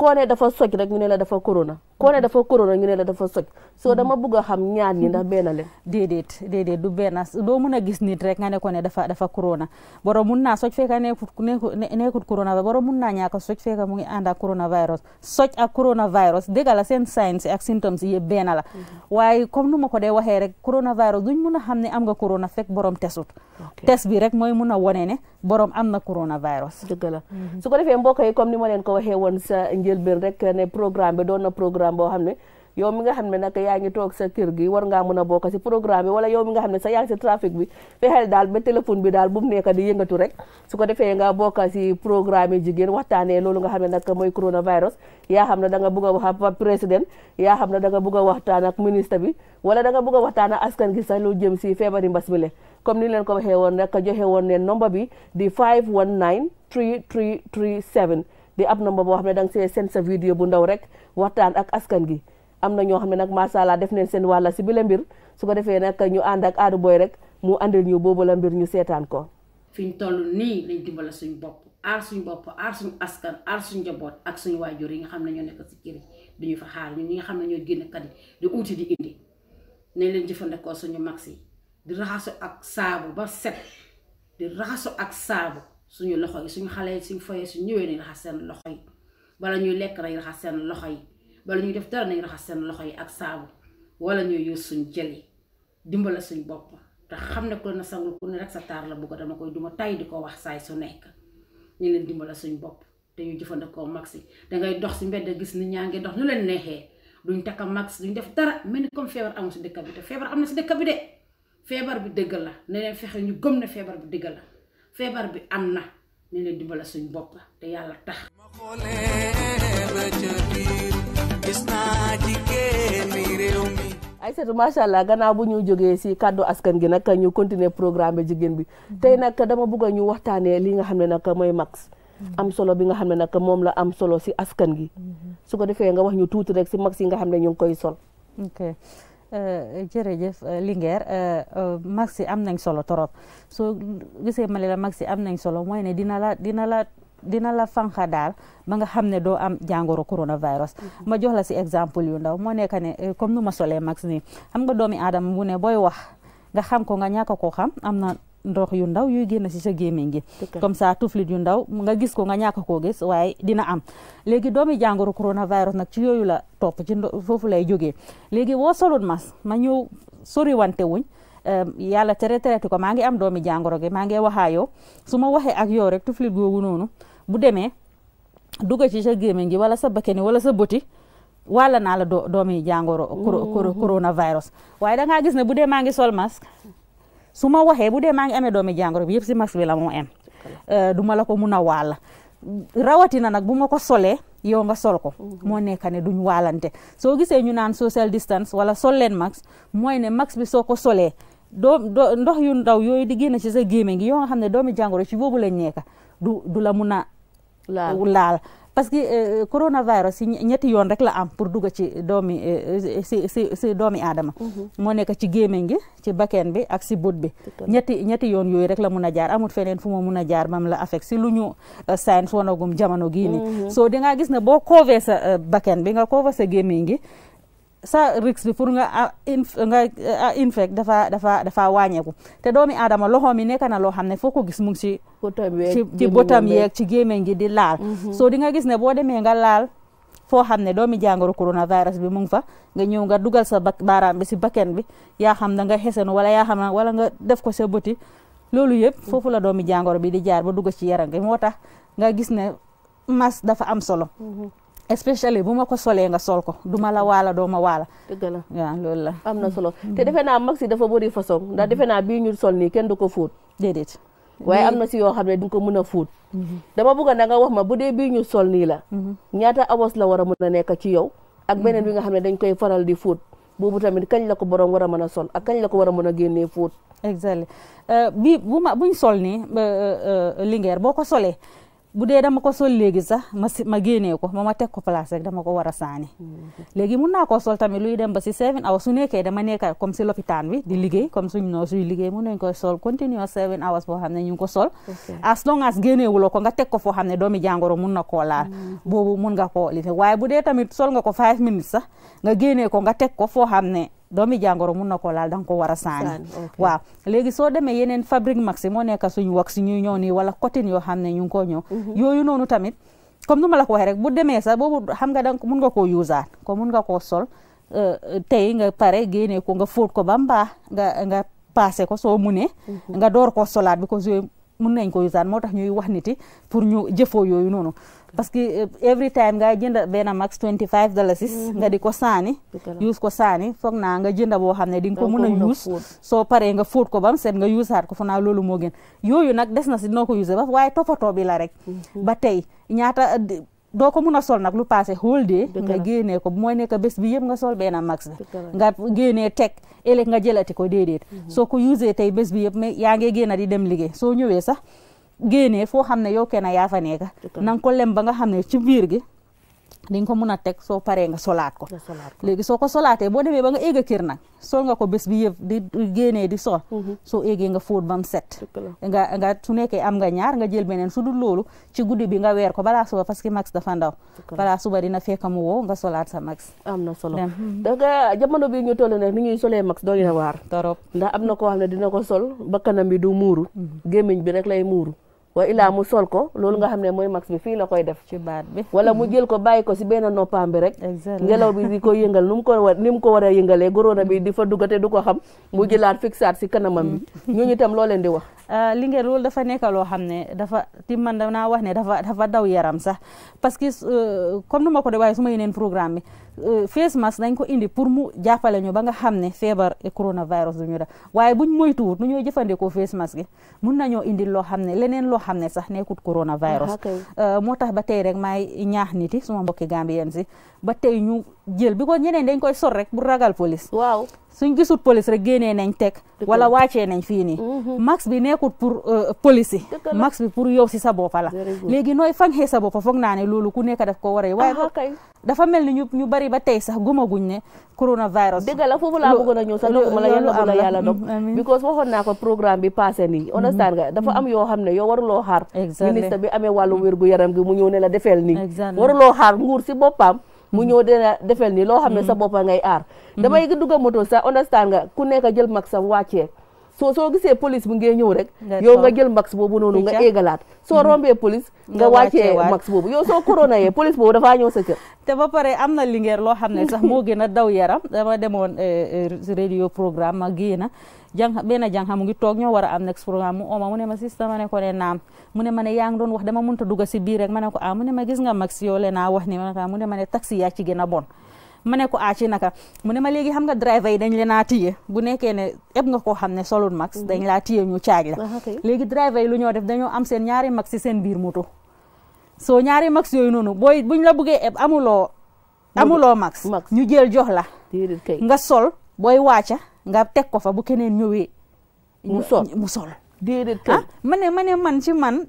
koo ne dafa soj rek ñu ne la dafa corona ko ne dafa corona ñu ne la dafa soj soo mm-hmm. dama bëgg a xam ñaar ñi ndax benn leen déedéet déedéet du benn doo mën a gis nit rek nga ne ko ne dafa dafa corona borom mun naa soj fekka nekkut nekkut coronavirus borom mun naa ñaaka soj fekka mu ngi ànd ak coronavirus a ak coronavirus dégg la seen signs ak symptoms yi yëpp benn la mm-hmm. waaye comme nu ma ko dee waxee rek coronavirus duñ mun a xam ne am nga corona fekk borom tesut test bi rek mooy mun a wone ne borom am na coronavirus. dëgg la mhm. su ko defee mbokk yi comme ni ma leen ko waxee woon sa njëlbeen rek ne programme bi doon na programme boo xam ne. yow mi nga xam ne nag yaa ngi toog sa kër gi war ngaa mën a bokk si programme wala yow mi nga xam ne sa yaa ngi si trafic bi fexeel daal ba téléphone bi daal bu mu nekk di yëngatu rek su ko defee nga bokk si programme jigéen waxtaanee loolu nga xam ne nag mooy coronavirus yaa xam ne da nga bugg a wax ak président xam ne da nga bugg a bi wala danga nga bugg a ak askan gi sa lu jëm si feebari mbas mi le comme ni leen ko waxee woon rek joxe woon ne nomba bi di 519 3337 di ab nomba boo xam ne da see seen sa vidéo bu ndaw rek waxtaan ak askan gi am na ñoo xam ne nag macha allah def neen seen wàlla si bi la mbir su ko defee nag ñu ànd ak aadu booy rek mu àndil ñu boobu la mbir ñu seetaan ko. fi ñu toll nii lañ dimbale suñu bopp aar suñu bopp aar suñu askan aar suñu njaboot ak suñu waajur yi nga xam ne ñoo nekk si kër duñu fa xaar ñun ñi nga xam ne ñoo génn kat di uuti di indi nañ jëfandikoo suñu max yi di raxasu ak saabu ba set di raxasu ak saabu suñu loxo yi suñu xale suñu foyee suñu ñëwee ni raxas seen loxo yi bala ñuy lekk rek raxas seen loxo yi bala ñuy def dara nañ raxas seen loxo yi ak saabu wala ñuy use suñ jël yi dimbala suñ bopp te xam ne ko la na sangul ku ne rek sa taar la bugg dama koy duma tàyyi di ko wax saay su nekk ñu leen dimbala suñ bopp te jëfandikoo max yi dangay dox si mbedd gis nit ñaa ngi dox ñu leen neexee duñ takka max duñ def dara mel ni comme feebar amul si dëkk bi te feebar am na si bi de feebar bi dëgg la ne fexe ñu gëm ne feebar bi dëgg feebar bi am na ne leen dimbala suñ bopp te yàlla tax Aïssatou macha allah gana bu ñu jógee si kàddu askan gi nak ñu continuer programme jigen bi tay nak dama bëgg ñu waxtaanee li nga nak moy max am solo bi nga xam nak mom la am solo si askan gi su ko defee nga wax ñu tout rek si max yi nga xam ñu koy sol ok euh, jërëjëf euh, euh, euh max yi am nañ solo torop so gisé malila maxi la max yi am nañ solo moy ne dina la dina la dina la fanxa daal ba nga xam ne doo am jàngoro coronavirus. Mhm. ma jox la si exemple yu ndaw moo nekk ne eh, comme nu ma solee max nii xam nga doomi aadama bu ne booy wax nga xam ko nga ñàkk koo xam am na ndox yu ndaw yuy génn si sa gémmiñ gi comme ça tuflit yu ndaw nga gis ko nga ñàkk koo gis waaye dina am léegi doomi jàngoro coronavirus nag ci yooyu la topp ci foofu lay jógee léegi woo solut mas ma ñëw sori wante wuñ yàlla tere tereti ko maa ngi am doomi jàngoro gi maa ngi waxaa yow su ma waxee ak yow rek tuflit googu noonu bu demee dugg ci sa gémmiñ gi wala sa bakkani wala sa boti wàlla naa la doo doomi jàngoro coronavirus waaye da gis ne bu dee maa ngi sol masque su ma waxee bu dee maa ngi amee doomi jàngoro bi yëpp si masque bi moo am euh, du ma la ko mun a wàlla rawatina nag bu ma ko solee yow nga sol ko moo ne duñ waalante soo gisee ñu naan social distance wala sol leen max mooy ne max bi soo ko solee doo ndox yu ndaw yooyu di génn si sa gémmiñ gi yoo xam ne doomi jàngoro ci boobu lañ nekk du du la mun laal parce que euh, euh, coronavirus yi ñetti yoon rek la am pour dugg ci doomi si si si doomi aadama mhm. moo nekk ci gémmiñ gi ci bakken bi ak si bët bi ñetti ñetti yoon yooyu rek la mun a jaar amul feneen fu ma mun a jaar mam la affect si lu ñu euh, science wanagum jamono gii nii mhm. di nga gis ne boo koovee sa bakken bi nga koova sa gémmiñ ngi sa risque bi pour nga ah, nga ah, infect dafa dafa dafa wàññeeku te doomi aadama loxo mi nekk na loo xam ne foo ko gis mu ngi ci ci botam yeeg ci gémmiñ gi di laal mm-hmm. so di nga gis ne boo demee nga laal foo xam ne doomi jàngoro coronavirus bi mu ngi fa nga ñëw nga dugal sa baaraam bi si bakken bi yaa xam na nga xesenu wala yaa xam na wala nga def ko sa bëti loolu yëpp mm-hmm. foofu la doomi jàngoro bi di jaar ba dugg ci yara gi moo tax nga gis ne mas dafa am solo mm-hmm. especially bu ma ko solee nga sol ko du ma la waala doo ma waala. dëgg la la. am na solo mm-hmm. te defe naa maxi dafa bëri façon mm-hmm. ndax defe naa bii ñu sol nii kenn du ko fóot. déedéet. waaye am na si yoo xam ne di ko mën fóot. Mm-hmm. dama bëgg na wax ma bu dee bii ñu sol nii la. ñaata awas la war a mën a nekk ci yow. ak beneen bi nga xam ne dañ koy faral di fóot. boobu tamit kañ la ko borom war a mën a sol ak kañ la ko war a mën a génnee fóot. exactement euh, bi bu ma buñ sol nii euh, euh, lingeer boo ko solee. bu dee dama ko sol léegi sax ma si ma génnee ko ma ma teg ko place rek dama ko war a saani mm-hmm. léegi mun naa ko sol tami luy dem ba si seven hours su nekkee dama nekka comme si lopitaan bi di liggéey comme suñ noo suy liggéey mun nañ koy sol continue seven hours boo xam ne ñu ngi ko sol as long as génneewuloo ko nga teg ko foo xam ne doomi jàngoro mun na koo laal mm-hmm. boobu mun nga koo lifi waaye bu dee tamit sol nga ko five minutes sa nga génnee ko nga teg ko foo xam ne doomi jàngoro mun na koo laal danga ko war a saani waaw léegi soo demee yeneen fabrique maxi moo nekk suñu wax suñuy ñëw nii wala cotton yoo xam ne ñu ngi koo ñëw mhm. yooyu noonu tamit comme nu ma la ko waxee rek bu demee sa boobu xam nga danga mun nga koo yuusaat ko mun nga koo sol euh, euh, tey nga pare génnee ko nga fóot ko ba mbaa nga nga paase ko soo munee mhm. nga door ko solaat because yooyu mun nañ ko yuusaat moo tax ñuy wax niti pour ñu jëfoo yooyu noonu parce que eh, every time nga jënd benn max 25 dalasis mhm. nga di ko saani use ko saani foog naa nga jënd boo xam ne di nga ko mën a use soo paree nga fóot ko bam seet nga usaat ko foog naa loolu moo gën yooyu nag des na si noo ko use ba waaye toppatoo bi la rek mhm. ba tey ñaata eh, doo ko mun a sol nag lu passé whole day nga génnee ko mooy nekk bés bi yëpp nga sol benn max bi nga génnee teg ëllëg nga jëlati ko déedéet mhm. soo ko usee tey bés bi yëpp mais yaa ngi génn di dem liggéey soo ñëwee sax génnee foo xam ne yow kenn yaa fa nekk na nga ko lem ba nga xam ne ci biir gi di nga ko mun a teg soo paree nga solaat ko léegi soo ko solaatee boo demee ba nga éeg a kër nag sol nga ko bés bi yëpp di di sol mhm. soo éegee nga fóot ba mu set nga nga su nekkee am nga ñaar nga jël beneen su dul loolu ci guddi bi nga weer ko balaa suba parce que max dafa ndaw balaa suba dina fekk mu woo nga solaat sa max am na solo danga jamono bi ñu toll nag ni ñuy solee max doy na waar torop ndax am na koo xam dina ko sol bakkanam bi du muuru mhm. gémmiñ bi rek lay muuru wa ilaa mu sol ko loolu nga xam ne mooy max bi fii la koy def ci baat bi wala mu jël ko bàyyi ko si benn noppaam bi rek ngelaw bi di ko yëngal nu ko war ni mu ko war a yëngalee góróona bi di fa duggate du ko xam mu mm-hmm. jëlaat fixaat si kanamam bi mm-hmm. ñu itam loo leen di wax ah, li ngeen loolu dafa nekk loo xam ne dafa ti man danaa wax ne dafa dafa daw yaram sax parce que euh, comme nu ma ko de waaye su ma yeneen programme bi Euh, face mask nañ ko indi pour mu jàppale ñu ba nga xam ne feebar e coronavirus du ñu da waaye buñ moytuwut nu ñoo jëfandikoo face mask gi mun nañoo indi loo xam ne leneen loo xam ne sax nekkut coronavirus euh, moo tax ba tey rek maay ñaax nit yi suma mbokki gambien si ba tey ñu jël bi ko ñeneen dañ koy sor rek bu ragal police waaw suñ gisut police rek génnee nañ tek wala wàccee nañ fii nii mhm. max bi nekkut pour euh, police yi max bi pour yow si sa boppa la léegi nooy fanxee sa boppa foog naa ne loolu ku nekk daf ko dafa mel ni ñu ñu bari ba tey sax gumaguñ ne coronavirus. dëgg la foofu laa bëggoon a ñëw sax ma la yàlla bëgg na yàlla dog mm-hmm. because waxoon naa ko programme bi passé nii mm-hmm. understand nga dafa am yoo xam ne yow waruloo xaar ministre bi amee wàllu wér gu yaram gi mu ñëw ne la defeel nii waruloo xaar nguur si boppam mu mm-hmm. ñëw dina defeel nii loo xam ne sa boppa ngay aar damay dugg a moto sax understand nga ku nekk jël mag sa wàccee soo soo gisee police bi ngay ñëw rek yow nga jël max boobu noonu nga laat soo mm-hmm. rombee police nga wàccee max boobu yow soo corona yee police boobu dafaa ñëw sa kër te ba pare am na lingeer loo xam ne sax moo gën a daw yaram dama demoon eh, eh, radio programme ma génn jàng benn jàng mu ngi toog ñoo war a am next programme mu oma mu ne ma sista ma ne ko ne naam mu ne ma ne yaa ngi doon wax dama mënut a dugg si biir rek ma ne ko ah mu ne ma gis nga max yoo naa wax ni ma ne ah, mu ne ma ne taxi yaa ci gën a bon ma ne ko a ah, ci naka mu ne ma léegi xam nga driver yi dañ leen a bu nekkee ne ëpp nga koo xam ne solul max mhm. dañ laa tiye ñu caaj la ah, léegi driver yi lu ñoo def dañoo am seen ñaari max si seen biir moto soo ñaari max yooyu noonu booy buñ la buggee eb amuloo amuloo max ñu jël jox la nga sol booy wàcca nga teg ko fa bu keneen ñëwee mu mu sol déedéet kay ah ma ne ma ne man ci man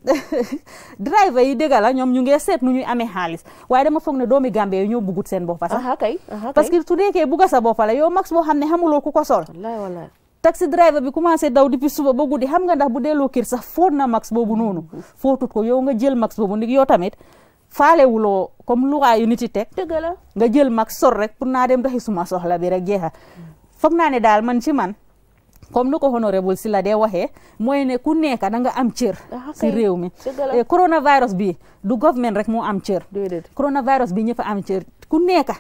driver yi dëgg la ñoom ñu nge seet nu ñuy amee xaalis waaye dama foog ne doomi Gambie yi ñoo bugut seen boppa sax kay parce que su nekkee bugga sa boppa la yow max boo xam ne xamuloo ku ko sol taxi driver bi commencé daw depuis suba ba guddi xam nga ndax bu delloo kër sax foot na max boobu noonu footut ko yow nga jël max boobu ndig yow tamit faalewuloo comme luwaa yu nit yi teg dëgg nga jël max sor rek pour naa dem doxi suma soxla bi rek jeexa foog naa ne daal man ci man comme nu ko honorable si la de waxee mooy ne ku nekk da nga am cër si ah, réew mi eh, coronavirus bi du government rek moo am cër coronavirus bi ñëpp am cër ku nekk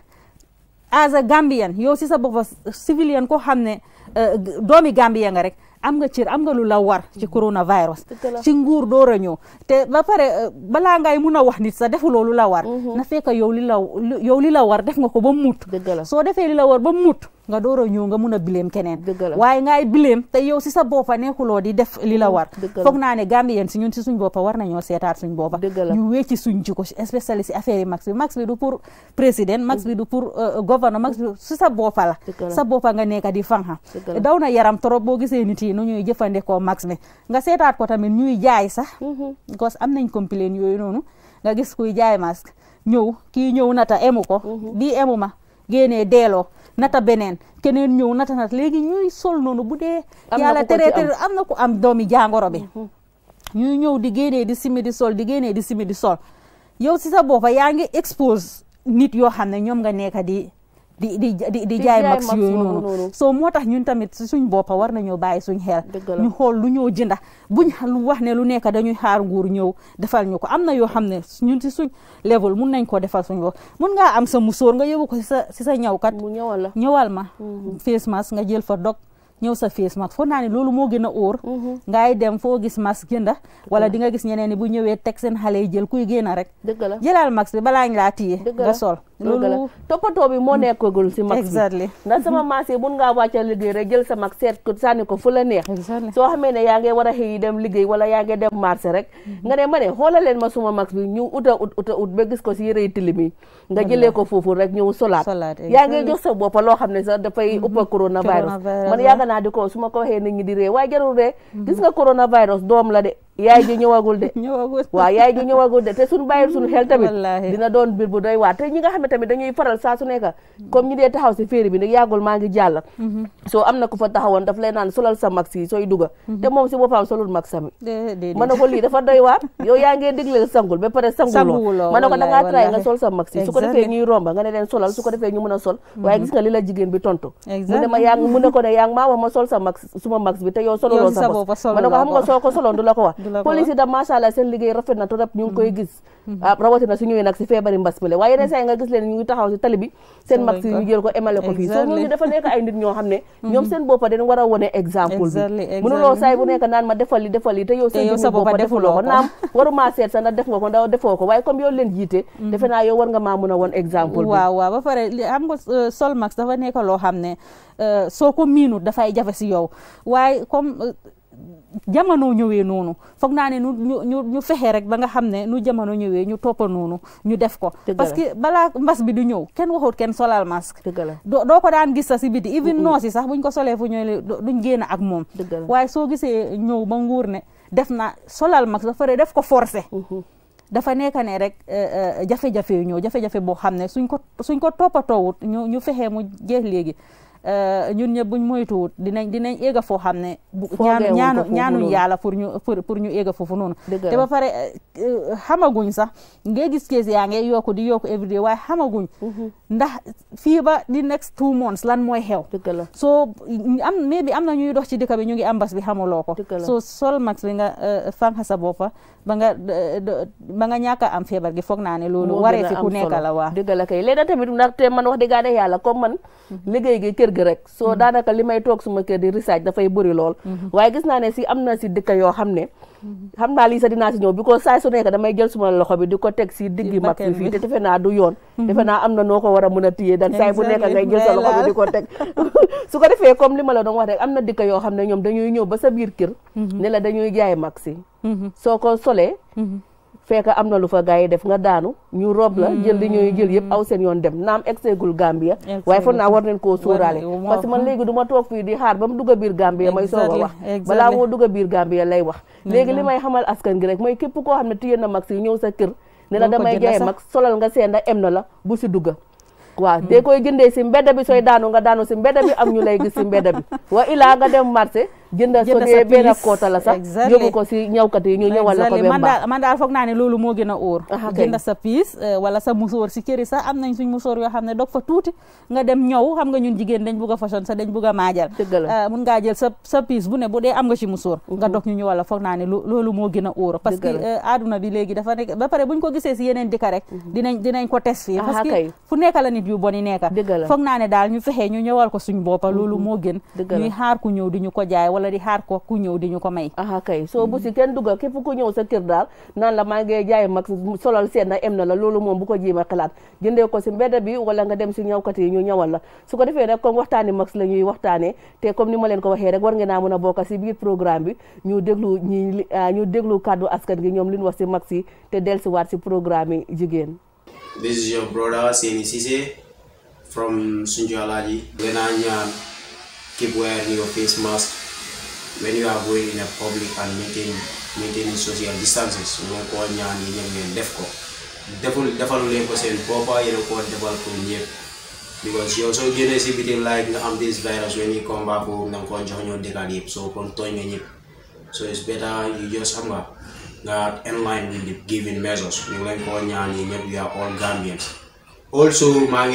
as a Gambian yow si sa bopp civilian ko xam ne eh, doomi Gambien nga rek am nga cër am nga lu la war ci coronavirus ci ngur door a ñëw te ba pare eh, balaa ngay mun a wax nit sa defuloo lu la war mm-hmm. na fekk yow li la yow li la war def nga ko ba mut soo defee li la war ba mut nga door a ñëw nga mun a bileem keneen waaye ngaay bileem te yow si sa boppa nekkuloo di def li la mm, war foog naa ne Gambien si ñun si suñ boppa war nañoo seetaat suñ boppa ñu wecci suñ jikko especially si affaire yi max bi max bi du pour président max bi du pour euh, gouverneur max bi si sa boppa la sa boppa nga nekk di fanxa daw na yaram trop boo gisee nit yi nu ñuy jëfandikoo max mi nga seetaat ko tamit ñuy jaay sax mm-hmm. because am nañ complain yooyu noonu nga gis kuy jaay masque ñëw kii ñëw nata emu ko mm-hmm. bii emu ma génnee deeloo nata beneen keneen ñëw nata nata léegi ñuy sol noonu bu dee yàlla tere am na ku am doomi jàngoro bi mm-hmm. ñuy ñëw di génnee di simi di sol di génnee di simi di sol yow si sa boppa yaa ngi expose nit yoo xam ne ñoom nga nekk di di di di di jaay max yooyu noonu soo moo tax ñun tamit suñ boppa war na nañoo bàyyi suñ xel ñu xool lu ñoo jënda buñ lu wax ne lu nekk dañuy xaar nguur ñëw defal ñu ko am na yoo xam ne ñun si suñ level mun nañ koo defal suñ bopp mun ngaa am sa musóor nga yóbbu ko si sa si sa ñawkat mu ñëwal la ñëwal ma mm-hmm. face nga jël fa dog ñëw sa face mask foog naa ne loolu moo gën a óor mhm. ngay dem foo gis masque jënda wala mhm. di nga gis ñeneen ni bu ñëwee teg seen xale yi jël kuy génn rek dëgg la jëlaal masque bi balaa ñu laa téye nga sol loolu toppatoo bi moo nekkagul si masque bi exactly ndax sama mhm. masque yi mun ngaa wàcca liggéey rek jël sa masque seet sànni ko fu la neex soo xamee ne yaa ngi war a liggéey wala yaa dem marché rek nga ne ma leen ma suma masque bi ñu ut a a ut ko si yëre tilim yi nga jëlee ko foofu rek ñëw solaat yaa ngi jox sa boppa loo xam ne sax dafay uppa coronavirus man nga naa di ko su ma ko waxee nit ñi di ree waaye jarul ree mm-hmm. gis nga coronavirus doom la de yaay ji ñëwagul de ñëwagul waaw yaay ji ñëwagul de te suñu bàyyil suñu xel tamit dina doon mbir bu doy waar te ñi nga xam ne tamit dañuy faral sa su nekk comme ñu dee taxaw si féeri bi nag yàggul maa ngi jàll mhm. na ku fa taxawoon daf lay naan solal sa max yi sooy duga mhm. te moom si ma ne ko lii dafa doy waar yow yaa ngee digle sangul ma ne ko dangaa sa max yi su ko defee ñuy romba nga ne leen solal su ko defee ñu mën a sol mhm. waaye gis nga li la jigéen bi tontu mu ne ma yaa ngi mu ne ko ne yaa ngi wax ma sol sa max suma max bi te yow sololoo sa ma ne ko xam la ko wax police yi da macha allah seen liggéey rafet na trop ñu ngi koy mm-hmm. gis ah, rawatina su ñëwee nag si feebari mbas mi la waaye yeneen saa yi nga gis leen ñu taxaw si tali seen mag si ñu jël ko émale ko fii soo ne ñoom seen a wone exemple bi mënuloo saay bu nekk naan ma sa ndax def nga ko ndax mm-hmm. a euh, ne euh, soo ko miinut dafay jafe si yow waaye euh, jamono ñëwee noonu foog naa ne nu ñu ñu fexe rek ba nga xam ne nu jamono ñëwee ñu toppa noonu ñu def ko parce que balaa mbas bi du ñëw kenn waxut kenn solal masque doo ko daan gis sa si biti even noos yi sax buñ ko solee fu ñëwee duñ génn ak moom waaye soo gisee ñëw ba nguur ne def na solal masque dafa re def ko forcé mm-hmm. dafa nekk ne rek eh, eh, jafe-jafe yu ñëw jafe-jafe boo xam ne suñ ko suñ ko toppatoowut ñu ñu fexe mu jeex léegi Euh, ñun ñëpp buñ moytuwut dinañ dinañ éega foo xam ne ñaanu ñaanuñ yàlla pour ñu pour ñu éega foofu noonu te ba pare euh, euh, xamaguñ sax ngay gis kees yaa ngi yokku di yokku everyday waaye xamaguñ mhm. ndax fii ba di next two months lan mooy xew so am mais bi am na ñuy dox ci dëkk bi ñu ngi am bas bi xamuloo ko so sol max bi nga fànq sa boppa ba nga ba nga ñàkk am feebar gi foog naa ne loolu waree si ku nekk la waa dëgg la kay léegi tamit ndaxte man wax dëgg yàlla comme man mhm. liggéey gi kër gi rek soo mhm. daanaka li may toog suma kër di research dafay bëri lool mhm. waaye gis naa ne si am na si dëkk yoo xam ne xam naa lii sax dinaa si ñëw bi ko saay su nekk damay jël suma loxo bi di ko teg si diggi mag bi fii te defe naa du yoon mhm. defe naa am na noo ko war a mën a téye dan saay bu nekk ngay jël loxo bi di ko teg su ko defee comme li ma la doon am na dikk yoo xam ne ñoom dañuy ñëw ba sa biir kër mhm. ne la dañuy jaay mag mhm. soo ko solee fekk amna lu fa gars def nga daanu ñu rob la jël li ñuy jël yépp aw seen yoon dem naam exegul Gambia way foog na war nañ ko sóoraale parce que man légui duma tok fi di xaar bam dugga bir Gambia may so wax bala mo dugga bir Gambia lay wax légui limay xamal askan gi rek mooy képp ko xam tiyé na max ñew sa kër né la damay jé max solal nga sénda emna la bu ci dugga wa te hmm. koy gëndé ci mbédda bi soy daanu nga daanu ci mbédda bi am ñu lay gis bi wa ila nga dem marché jënda sa piis benn koota la sax yóbbu ko si ñawkat yi a óor ah, euh, wala sa musóor si këri sax am nañ suñ musóor yoo xam ne dog fa tuuti nga dem ñëw xam nga ñun jigéen dañ bugg a sa dañ bugg a maajal euh, mun ngaa jël sa piis bu ne bu dee am nga si musóor mhm. nga dog ñu ñëwal foog naa loolu moo a óor parce que aaduna euh, bi léegi dafa nekk ba pare buñ ko gisee si yeneen dëkk rek mhm. dinañ ko test fii parce que fu nekk la nit yu boni nekk foog naa daal ñu fexee ñu ñëwal ko suñ boppa loolu mhm. moo ñuy xaar ku wala di xaar ko ku ñëw di ñu ko may ah kay so bu si kenn duggal képp ku ñëw sa kër daal naan la maa ngi jaay mag solal seen na em na la loolu moom bu ko jéem a xalaat jëndee ko si mbedda bi wala nga dem si ñawkat yi ñu ñawal la su ko defee nag comme waxtaani max la ñuy te comme ni ma leen ko waxee rek war ngeen naa a bokk si biir programme bi ñu déglu ñi ah, ñu déglu kàddu askan gi ñoom li wax si max yi te waat si programme yi jigéen This is your brother Seni Sise from Sunjalaji. When I keep wearing your face mask when you are going in a public and maintain maintaining social distances moo ko ñaan yi ñoom ngeen def ko deful defalu leen ko seen boppa yéen ko defal ko ñëpp because yow soo génnee si bitim like nga am this virus when you come back home nanga ko jox ñoo dëkkaat yëpp soo kon tooñ nga ñëpp so it's better you just xam that in line with the given measures ñu ngi leen ko ñaan yi ñëpp are all Gambians also maa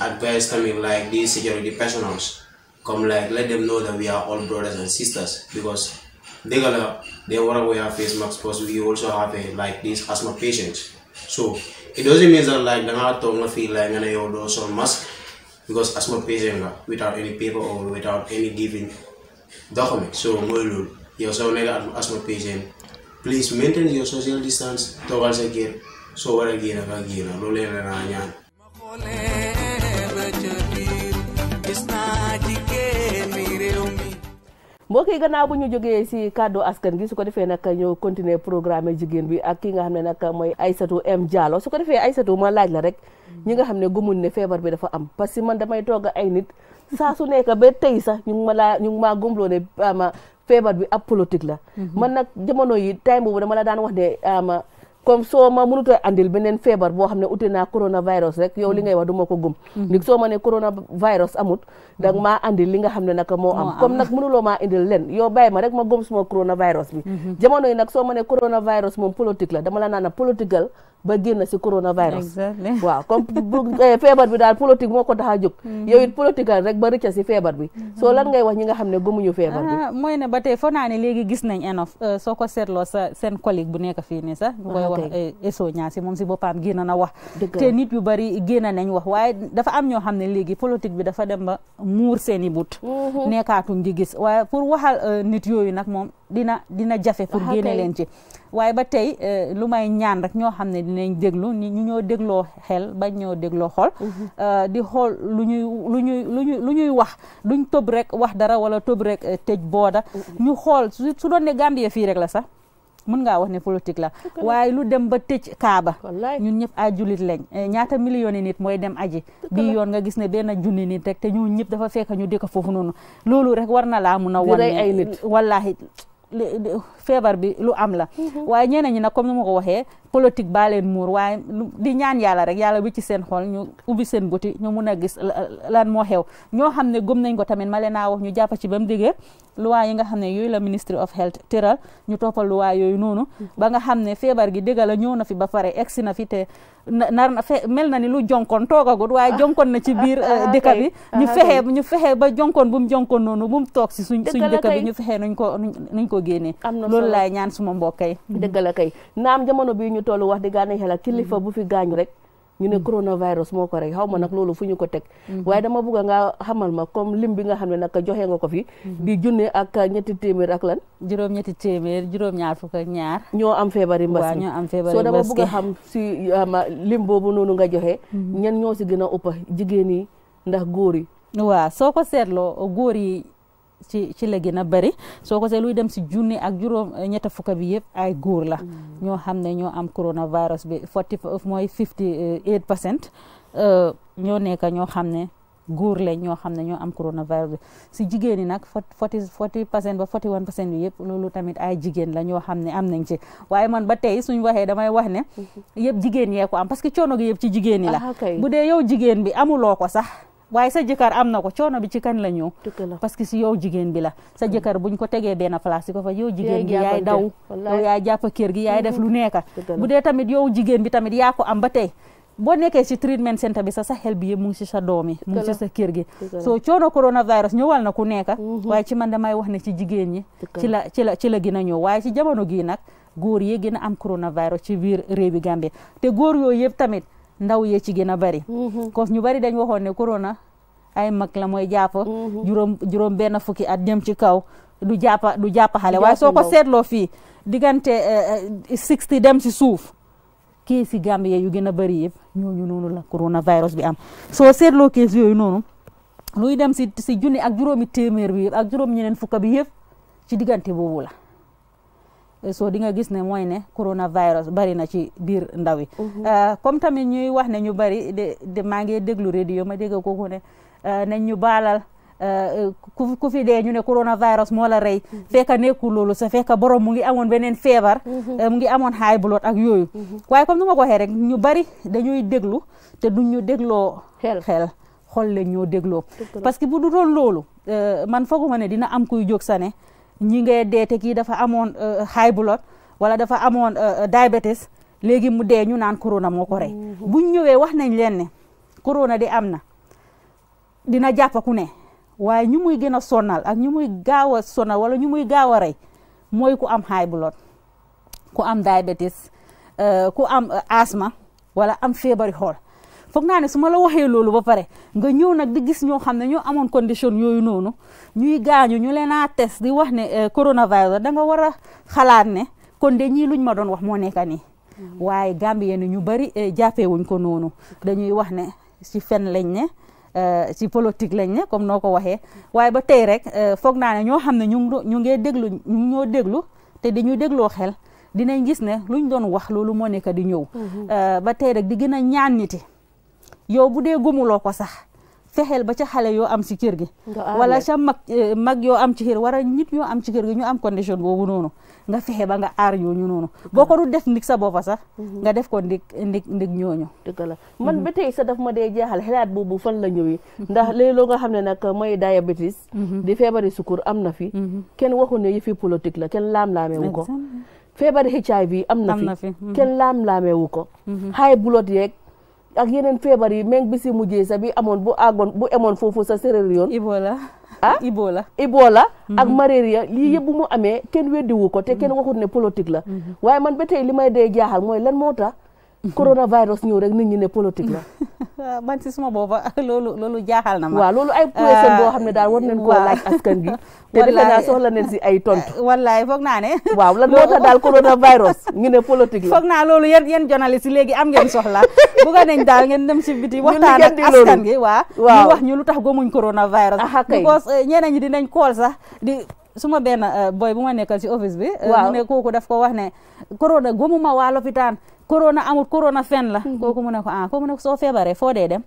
advice coming like the security personnels come like let them know that we are all brothers and sisters because they gonna they wanna wear face masks because we also have a like these asthma patients. So it doesn't mean that like they're not gonna feel like gonna order some mask because asthma patient without any paper or without any given document. So mooy loolu yow soo nekk asthma patient please maintain your social distance toogal sa génn soo war a génn nga génn loolu leen la mbokk yi gannaaw bu ñu jógee si kàddu askan gi su ko defee nag ñu continuer programme jigéen bi ak ki nga xam ne nag mooy Aysatu M Diallo su ko defee sato ma laaj la rek ñi nga xam ne gëmuñ ne feebar bi dafa am parce que man damay togg ay nit sa su nekk ba tey sax ñu ngi ma laa ñu ngi maa gumloo ne feebar bi ab politique la mhm. man nag jamono yi time boobu dama la daan wax ne comme soo ma mënut a andil beneen feebar boo xam ne uti naa coronavirus rek yow li ngay wax du ma ko gum mm-hmm. ndig soo ma ne coronavirus amut mm-hmm. danga maa andil li nga xam ne naka moo am comme nag mënuloo maa indil leen yow bàyyi ma rek ma gum suma coronavirus bi mm-hmm. jamono yi nag soo ma ne coronavirus moom politique la dama la naan political ba génn si coronavirus. waaw comme bu eh, feebar bi daal politique moo ko tax jóg. Mm-hmm. yow it politique rek ba rëcc si feebar bi. Mm-hmm. soo lan ngay wax ñi nga xam ne gëmuñu feebar bi. Ah, mooy ne ba tey foog naa ne léegi gis nañ enof euh, soo ko seetloo sa seen collègue bu nekk fii nii sax. koy ah, wax Eso eh, Ñaasi moom si boppam génn na wax. te nit yu bari génn nañ wax waaye dafa am ñoo xam ne léegi politique bi dafa dem ba muur seen i but. Mm-hmm. nekkaatuñ di gis waaye pour waxal euh, nit yooyu nag moom dina dina jafe. pour ah, génne leen ci. waaye ba tey euh, lu may ñaan rek ñoo xam ne dinañ déglu ni ñu ñoo dégloo xel bañ ñoo dégloo xol. Mhm. Euh, di xool lu ñuy lu ñuy lu ñuy lu ñuy wax duñ tëb rek wax dara wala tëb rek euh, tëj booda. Mhm. ñu xool su doon ne Gambie fii rek la sax. mun ngaa wax ne politique la waaye lu dem ba tëj kaaba ñun ñëpp a jullit lañ ñaata millions nit mooy dem aji bii yoon nga gis ne benn juni nit rek te ñun ñëpp dafa fekk ñu dëkk foofu noonu loolu rek war na laa mun a wan ay nit feebar bi lu am la mhm. waaye ñeneen ñi na comme ni ma ko waxee politique baa leen muur waaye di ñaan yàlla rek yàlla bi ci seen xol ñu ubbi seen bëti ñu mun a gis lan moo xew ñoo xam ne gëm nañ ko tamit ma leen naa wax ñu jàpp ci bam mu loi yi nga xam ne yooyu la ministry of health tëral ñu toppal loi yooyu noonu ba nga xam ne feebar gi dëgg la ñëw na fi ba pare egsi na fi te nar na mel na ni lu jonkoon toogagut waaye ah. jonkoon na ci biir ah, eh, dëkk bi ah, ñu fexe ñu fexe ba jonkoon bu mu jonkoon noonu bu mu toog si suñ suñ dëkk bi ñu fexe nuñ ko nuñ ko génnee loolu laay ñaan suma mbokk yi dëgg la kay naam jamono bii ñu toll wax di gaane xel kilifa mm-hmm. bu fi gaañu rek ñu ne mm. coronavirus moo ko rey xaw ma nag loolu fu ñu ko teg mm-hmm. waaye dama bëgg nga xamal ma comme lim bi nga xam ne nag joxe nga ko fi mm-hmm. di junne ak ñetti téeméer ak lan juróom ñetti téeméer juróom ñaar fukk ak ñaar ñoo am feebari mbas mi soo dama bëgg a xam si lim boobu noonu nga joxe mm-hmm. ñan ñoo si gën a ëpp jigéen yi ndax góor yi waaw soo ko seetloo góor yi ci ci la gën a soo ko luy dem si junni ak juróom eh, ñetta fukka bi yëpp ay góor la mm. ñoo xam ne ñoo am coronavirus bi forty mooy fifty eh, eight percent eh, ñoo nekk ñoo xam ne góor lañ ñoo xam ne ñoo am coronavirus bi si jigéen ñi nag forty forty percent ba forty one percent bi yëpp loolu tamit ay jigéen la ñoo xam ne am nañ ci waaye man ba tey suñ waxee damay wax ne mm-hmm. yëpp jigéen yee ko am parce que coono gi yëpp ci jigéen ñi la ah, bu dee yow jigéen bi am ko sax waaye sa jëkkër am na ko coono bi ci kan la ñëw parce que si yow jigéen bi sa jëkkër buñ ko tegee benn place si ko fa yow jigéen bi yaay daw yow yaay jàpp kër gi yaay def lu nekka bu dee tamit yow jigéen bi tamit yaa am ba tey boo nekkee si treatment center bi sa sa xel bi yëpp mu ngi si sa doom yi mu ngi si sa kër gi soo coono coronavirus ñëwal na ku nekka mhm. waaye ci man damay wax ne ci jigéen ñi ci la ci la ci la gën a ñëw waaye si jamono gii nag góor ye gën a am coronavirus ci biir réew bi Gambie te góor yooyu yëpp tamit ndaw yee ci gën a bari. Mhm. cause ñu bari dañ waxoon ne corona ay mag la mooy jàpp. Mhm. juróom juróom fukki at jëm ci kaw du jàppa du jàppa xale waaye soo ko seetloo fii diggante 60 eh, eh, dem si suuf. kees yi Gambie yu gën a bari yëpp ñooñu noonu la coronavirus bi am soo seetloo kees yooyu noonu luy dem si si junni ak juróomi téeméer bi yëpp ak juróom ñeneen fukka bi yëpp ci diggante boobu la. Eh, so di nga gis ne mooy ne coronavirus bari na ci biir ndaw yi. Mhm. Eh, comme tamit ñuy wax ne ñu bari de maa ngi déglu radio ma dégg ko ne eh, nañ ñu baalal. ku fi dee ñu ne coronavirus moo la rey mhm. fekka nekkul loolu sa fekka borom mu ngi amoon beneen feebar mhm. mu ngi amoon high blood ak yooyu waaye comme nu ma ko waxee rek ñu bari dañuy déglu te duñ ñu dégloo xel xol lañ ñoo dégloo parce que bu du doon loolu man fooguma ne dina am kuy jóg sa ne ñi ngay deete kii dafa amoon euh, high blood wala dafa amoon euh, euh, diabetes léegi mu dee ñu naan corona moo ko rey buñ ñëwee wax nañ leen ne corona di am na dina jàpp ku ne waaye ñu muy gën a sonal ak ñu muy gaaw a sonal wala ñu muy gaaw a rey mooy ku am high blood ku am diabetes ku am asthma wala am feebari xool foog naa ne su ma la waxee loolu ba pare nga ñëw nag di gis ñoo xam ne ñoo amoon condition yooyu noonu ñuy gaañu ñu leen a test di wax ne eh, coronavirus da nga war a xalaat ne kon de ñii luñ ma doon wax moo nekk nii. Mm-hmm. waaye Gambien ñu bari eh, jàppee wuñ ko noonu dañuy wax ne ci fen lañ ne. Eh, ci politique lañ ne comme noo ko waxee waaye ba tey rek foog naa ne ñoo xam ne ñu ñu ngee déglu ñu ñoo déglu te dañuy dégloo xel dinañ gis ne luñ doon wax loolu moo nekk di ñëw mm-hmm. ba tey rek di gën a ñaan niti yow bu dee gëmuloo ko sax fexeel ba ca xale yoo am si kër gi wala ca mag eh, mag yoo am ci kër wala nit yoo am ci kër gi ñu am condition boobu noonu nga fexe ba nga aar ñooñu noonu boo ko du def ndig sa boppa sa mhm. nga def ko ndig ndig ndig ñooñu dëgg la man mhm. ba tey sa daf ma dee jaaxal xalaat boobu fan la ñëwee mhm. ndax léegi loo nga xam ne na nag mooy diabétis di feebari sukur am na fi kenn waxu ne yëfi politique la kenn laam-laamewu ko feebari HIV am na fi kenn laam-laamewu ko high blood yeeg ak yeneen feebar yi même bi si mujjee sa bi amoon bu àggoon bu emoon foofu sa séréer yoon Ibola ah Ibola Ibola mhm. ak malaria lii yëpp bu mu amee kenn weddiwu ko te kenn mhm. waxut ne politique la mhm. waaye man ba tey li may dee jaaxal mooy lan moo tax coronavirus ñëw rek nit ñi ne politique la. Ah, man si suma booba loolu loolu na ma. waaw loolu ay question boo xam ne daal war nañ koo ah, laaj askan gi. te defe naa soxla si ay tontu. wallaay foog naa ne. waaw lan moo tax daal coronavirus ñu ne politique la. foog naa loolu yéen yéen journaliste léegi am ngeen soxla bëgg nañ daal ngeen dem si biti. waxtaan askan gi waaw. waaw ñu wax ñu lu tax gëmuñ coronavirus. ah kay because eh, ñeneen ñi dinañ kool sax di. suma benn eh, boy bu ma nekkal ci office bi. Eh, waaw mu ne kooku daf ko wax ne. corona gomuma waa lopitaan corona amul corona fen la. Mhm. kooku mu ko ah ko mu ne ko ah, foo dee dem.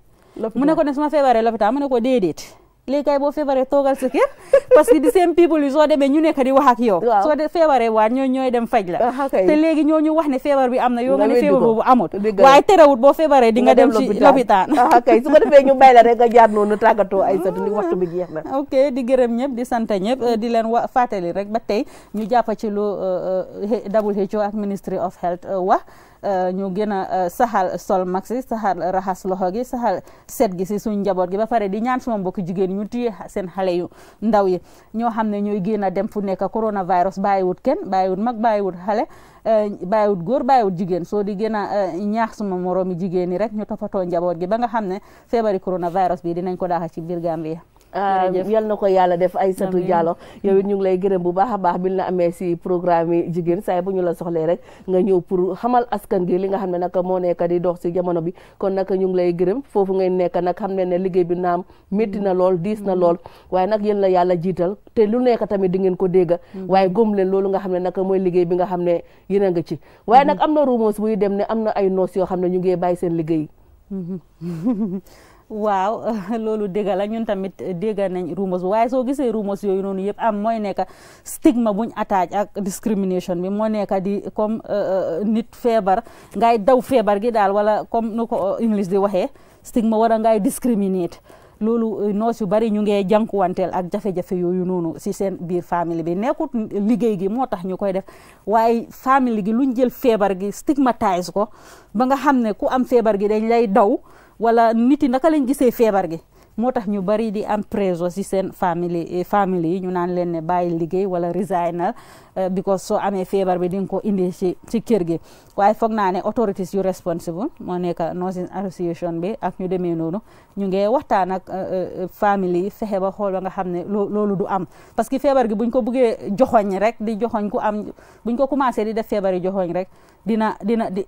mu ko ne su ma feebaree lopitaan mu ne ko déedéet. léegi kay boo feebaree toogal sa kër parce que di seen people yi soo demee ñu nekk di wax ak yow. soo de feebaree waa ñooy dem faj la. Ah, te léegi ñoo wax ne feebar bi am na yoo nga ne feebar boobu amut. waaye terewut boo feebaree di nga dem ci lopitaan. Ah, kay su ko defee ñu bay la rek nga jaar noonu tàggatoo ay sat ni waxtu bi jeex na. ok di gërëm ñëpp di sant ñëpp mm-hmm. di leen wa fàttali rek ba tey ñu jàpp ci lu euh, euh, WHO ak ministry of health euh, wax. Euh, ñu gën a euh, saxal sol max yi saxal raxas loxo gi saxal set gi si suñ njaboot gi ba pare di ñaan suma mbokki jigéen ñu téye seen xale yu ndaw yi ñoo xam ne ñooy génn a dem fu nekk coronavirus bàyyiwut kenn wut mag bàyyiwut xale euh, bàyyiwut góor bàyyiwut jigéen soo di gën a ñaax suma moroomi jigéen yi rek ñu toppatoo njaboot gi ba nga xam ne feebari coronavirus bi dinañ ko daaxa ci biir Gambia Euh, yal na ko yàlla def ay satu jàllo yow it ñu ngi lay gërëm bu baax a baax bi na amee si programme yi jigéen saay bu ñu la soxlee rek nga ñëw pour xamal askan gi li nga xam ne nag moo nekk di dox si jamono bi kon nag ñu ngi lay gërëm foofu ngay nekk nag xam ne ne liggéey bi naam métti na lool diis na mm-hmm. lool waaye nag yéen na yàlla jiital te lu nekk tamit di ngeen ko dégg mm-hmm. waaye góom leen loolu nga xam ne nag mooy liggéey bi nga xam ne yéen a nga ci waaye mm-hmm. nag am na rumoos buy dem ne am na ay noos yoo xam ne ñu ngi bàyyi seen liggéey waaw loolu dégg la ñun tamit dégg nañ rumors waaye soo gisee rumors yooyu noonu yëpp am mooy nekk stigma buñ attaque ak discrimination bi moo nekk di comme euh, euh, nit feebar ngay daw feebar gi daal wala comme nu ko euh, English di waxee stigma wala ngay discriminate loolu noos yu bari ñu ngee jànkuwanteel ak jafe-jafe yooyu noonu si seen biir famille bi nekkut liggéey gi moo tax ñu koy def waaye famille gi luñ jël feebar gi stigmatise ko ba nga xam ne ku am feebar gi dañ lay daw wala nit yi naka lañ gisee feebar gi moo tax ñu bari di am préso si seen famille eh, famille yi ñu naan leen ne bàyyi liggéey wala resigner eh, because so amee feebar bi di nga ko indi si ci kër gi waaye foog naa ne authorities yu responsible moo nekk nursing association bi ak ñu demee noonu ñu ngi waxtaan ak eh, famille yi fexe ba xool ba nga xam ne loolu du am parce que feebar gi buñ ko buggee joxoñ rek di joxoñ ku am buñ ko commencé di def feebari yi joxoñ rek dina dina di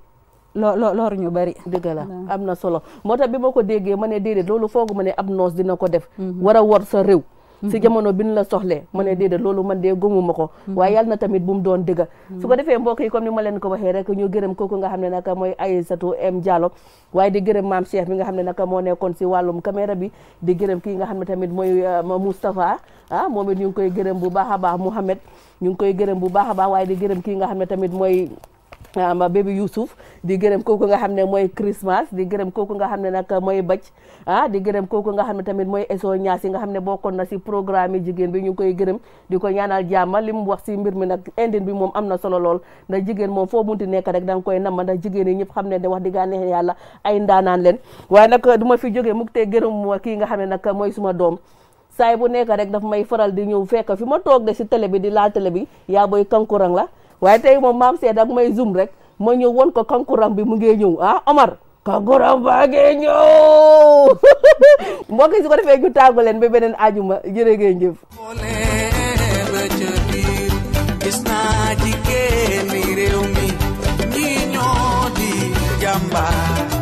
loo loor ñu bari. dëgg la am na solo moo bi ma ko déggee ma ne déedéet loolu foogu ma ne ab noos dina ko def. Mhm. war a war sa réew. Mhm. si jamono bi ñu la soxlee ma ne déedéet loolu man dee gëmuma ko mhm. waaye yàlla na tamit bu mu doon dëgg su ko defee mbokk yi comme ni ma leen ko waxee rek ñu gërëm kooku nga xam ne naka mooy Aïssatou em jaalo waaye di gërëm maam Cheikh bi nga xam ne naka moo nekkoon si wàllum caméra bi di gërëm kii nga xam ne tamit mooy euh, Moustapha ah moom it ñu koy gërëm bu baax a baax Mouhamed ñu ngi koy gërëm bu baax a baax di gërëm kii nga xam ne tamit mooy Ah, ma bébé Youssouf di gërëm kooku nga xam ne mooy Christmas di gërëm kooku nga xam ne nag mooy bëj ah di gërëm kooku nga xam ne tamit mooy eso ñaas yi nga xam ne bokkoon na si programme yi jigéen bi ñu ngi koy gërëm di ko ñaanal jàmm li mu wax si mbir mi nag indine bi moom am na solo lool ndax jigéen moom foo munti nekk rek dang koy namm ndax jigéen yi ñëpp xam ne de wax diggaa neex yàlla ay ndaanaan leen waaye nag du ma fi jógee mukk tee gërëm kii nga xam ne nag mooy suma doom saay bu nekk rek daf may faral di ñëw fekk fi ma toog de si bi di laa télé bi yaa booy kankurang la waaye tey moom maam seet ak may zoom rek ma ñëw won ko kankuram bi mu ngee ñëw ah Omar kankuram baa ngee ñëw ko defee ñu tàggu leen ba beneen ajuma jërë ngeen jëf gis naa mi ñi ñoo di jàmbaar